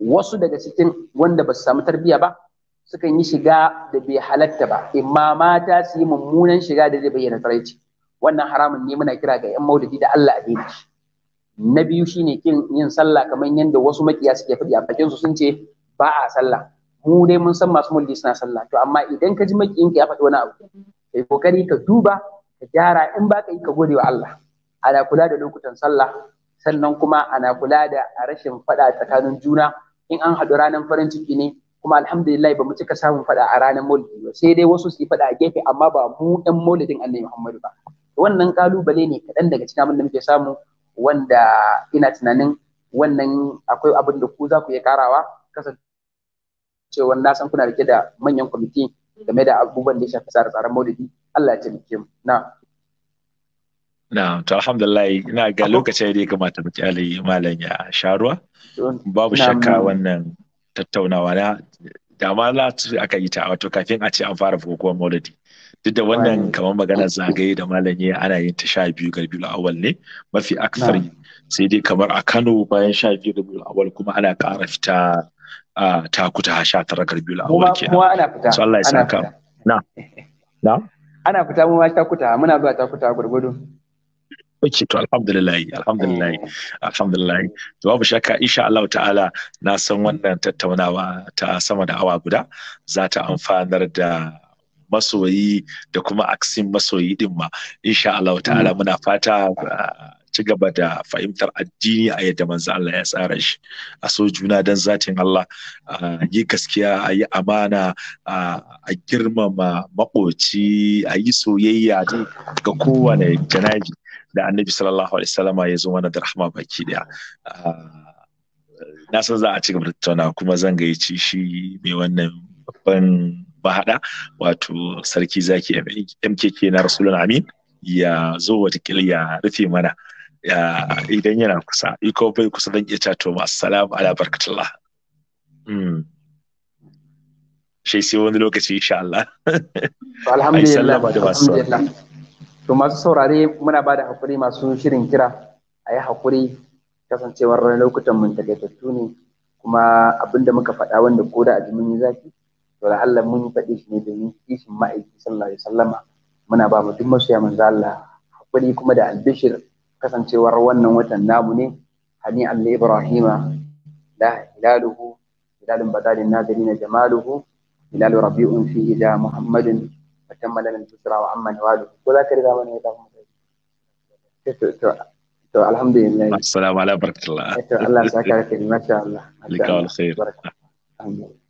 wasu daga cikin wanda ba su samu tarbiyya ba sukan yi shiga da bai halatta ba imma mata su yi mummunan shiga da zai bayyana tsaraici wannan haramun ne muna kira ga 'yan maulidi da Allah a daina na biyu shine kin yin sallah kamar yadda wasu makiya suke faɗi a bakin su sun ce ba a sallah mu dai mun san masu mulki suna sallah to amma idan ka ji makiyin ka ya faɗi wani abu kai kokari ka duba ka gyara in ba ka yi ka gode wa Allah ana kula da lokutan sallah sannan kuma ana kula da rashin faɗa tsakanin juna in an haɗu ranar farin ciki ne kuma alhamdulillah ba mu cika samun faɗa a ranar mulki. ba sai dai wasu su yi faɗa a gefe amma ba mu ɗan mulkin annabi muhammad ba wannan kalubale ne kaɗan daga cikin abin da muke samu wanda ina tunanin wannan akwai abin da ku za ku iya karawa kasancewar na san kuna rike da manyan kwamiti game da abubuwan da ya shafi tsare-tsaren maulidi Allah ya taimake mu na na to alhamdulillah ina ga lokacin da ya kamata mu kyale malam ya sharuwa babu shakka wannan tattaunawa na da ma aka yi ta wato kafin a ce an fara bukukuwan maulidi duk da wannan kamar magana zagaye da malami ana yin ta sha biyu garbi awal ne mafi akfari sai dai kamar a kano bayan sha biyu garbi awal kuma ana kara fita a takuta sha tara garbi awal ke ana fita Allah ya saka na na ana fita mu ma takuta muna zuwa takuta gurgudu Oke, to alhamdulillahi, alhamdulillahi, eh. alhamdulillahi. To babu shakka insha Allah ta'ala na san wannan tattaunawa ta sama da awa guda za ta amfanar da masoyi da kuma aksin masoyi din ma insha Allah ta'ala mm. muna fata ah, ci gaba da fahimtar addini a yadda manzo Allah ya tsara shi a so juna dan zatin Allah a ah, yi gaskiya a yi amana ah, a girmama makoci a yi soyayya ga kowane janabi da annabi sallallahu alaihi wasallam ya zo mana da rahama baki daya na san za a ci gaba da tattauna kuma zan gayyaci shi mai wannan babban bahada wato sarki zaki mkk na rasulun amin ya zo watakila ya rufe mana idan yana kusa iko bai kusa zan iya cato ma assalamu ala barkatullah hmm. shi sai wani lokaci insha Allah alhamdulillah to masu saurare muna ba da hakuri masu shirin kira a yi hakuri kasancewar lokutan mun takaitattu ne kuma abinda muka faɗa wanda ko da a jimin zafi to da Allah mun faɗi shi ne domin kishin ma'aiki sallallahu alaihi wasallama muna ba mutum duk masoya manzo Allah hakuri kuma da albishir kasancewar wannan watan namu ne hani Allah Ibrahima la hilaluhu hilalun badalin nadirin jamaluhu hilalu rabi'un fi ila Muhammadin wa tammala min tusra wa amman walu ko za ka riga mana ya tafi to alhamdulillah assalamu alaikum barkatullah eh, to Allah saka ka masha Allah lika wal alhamdulillah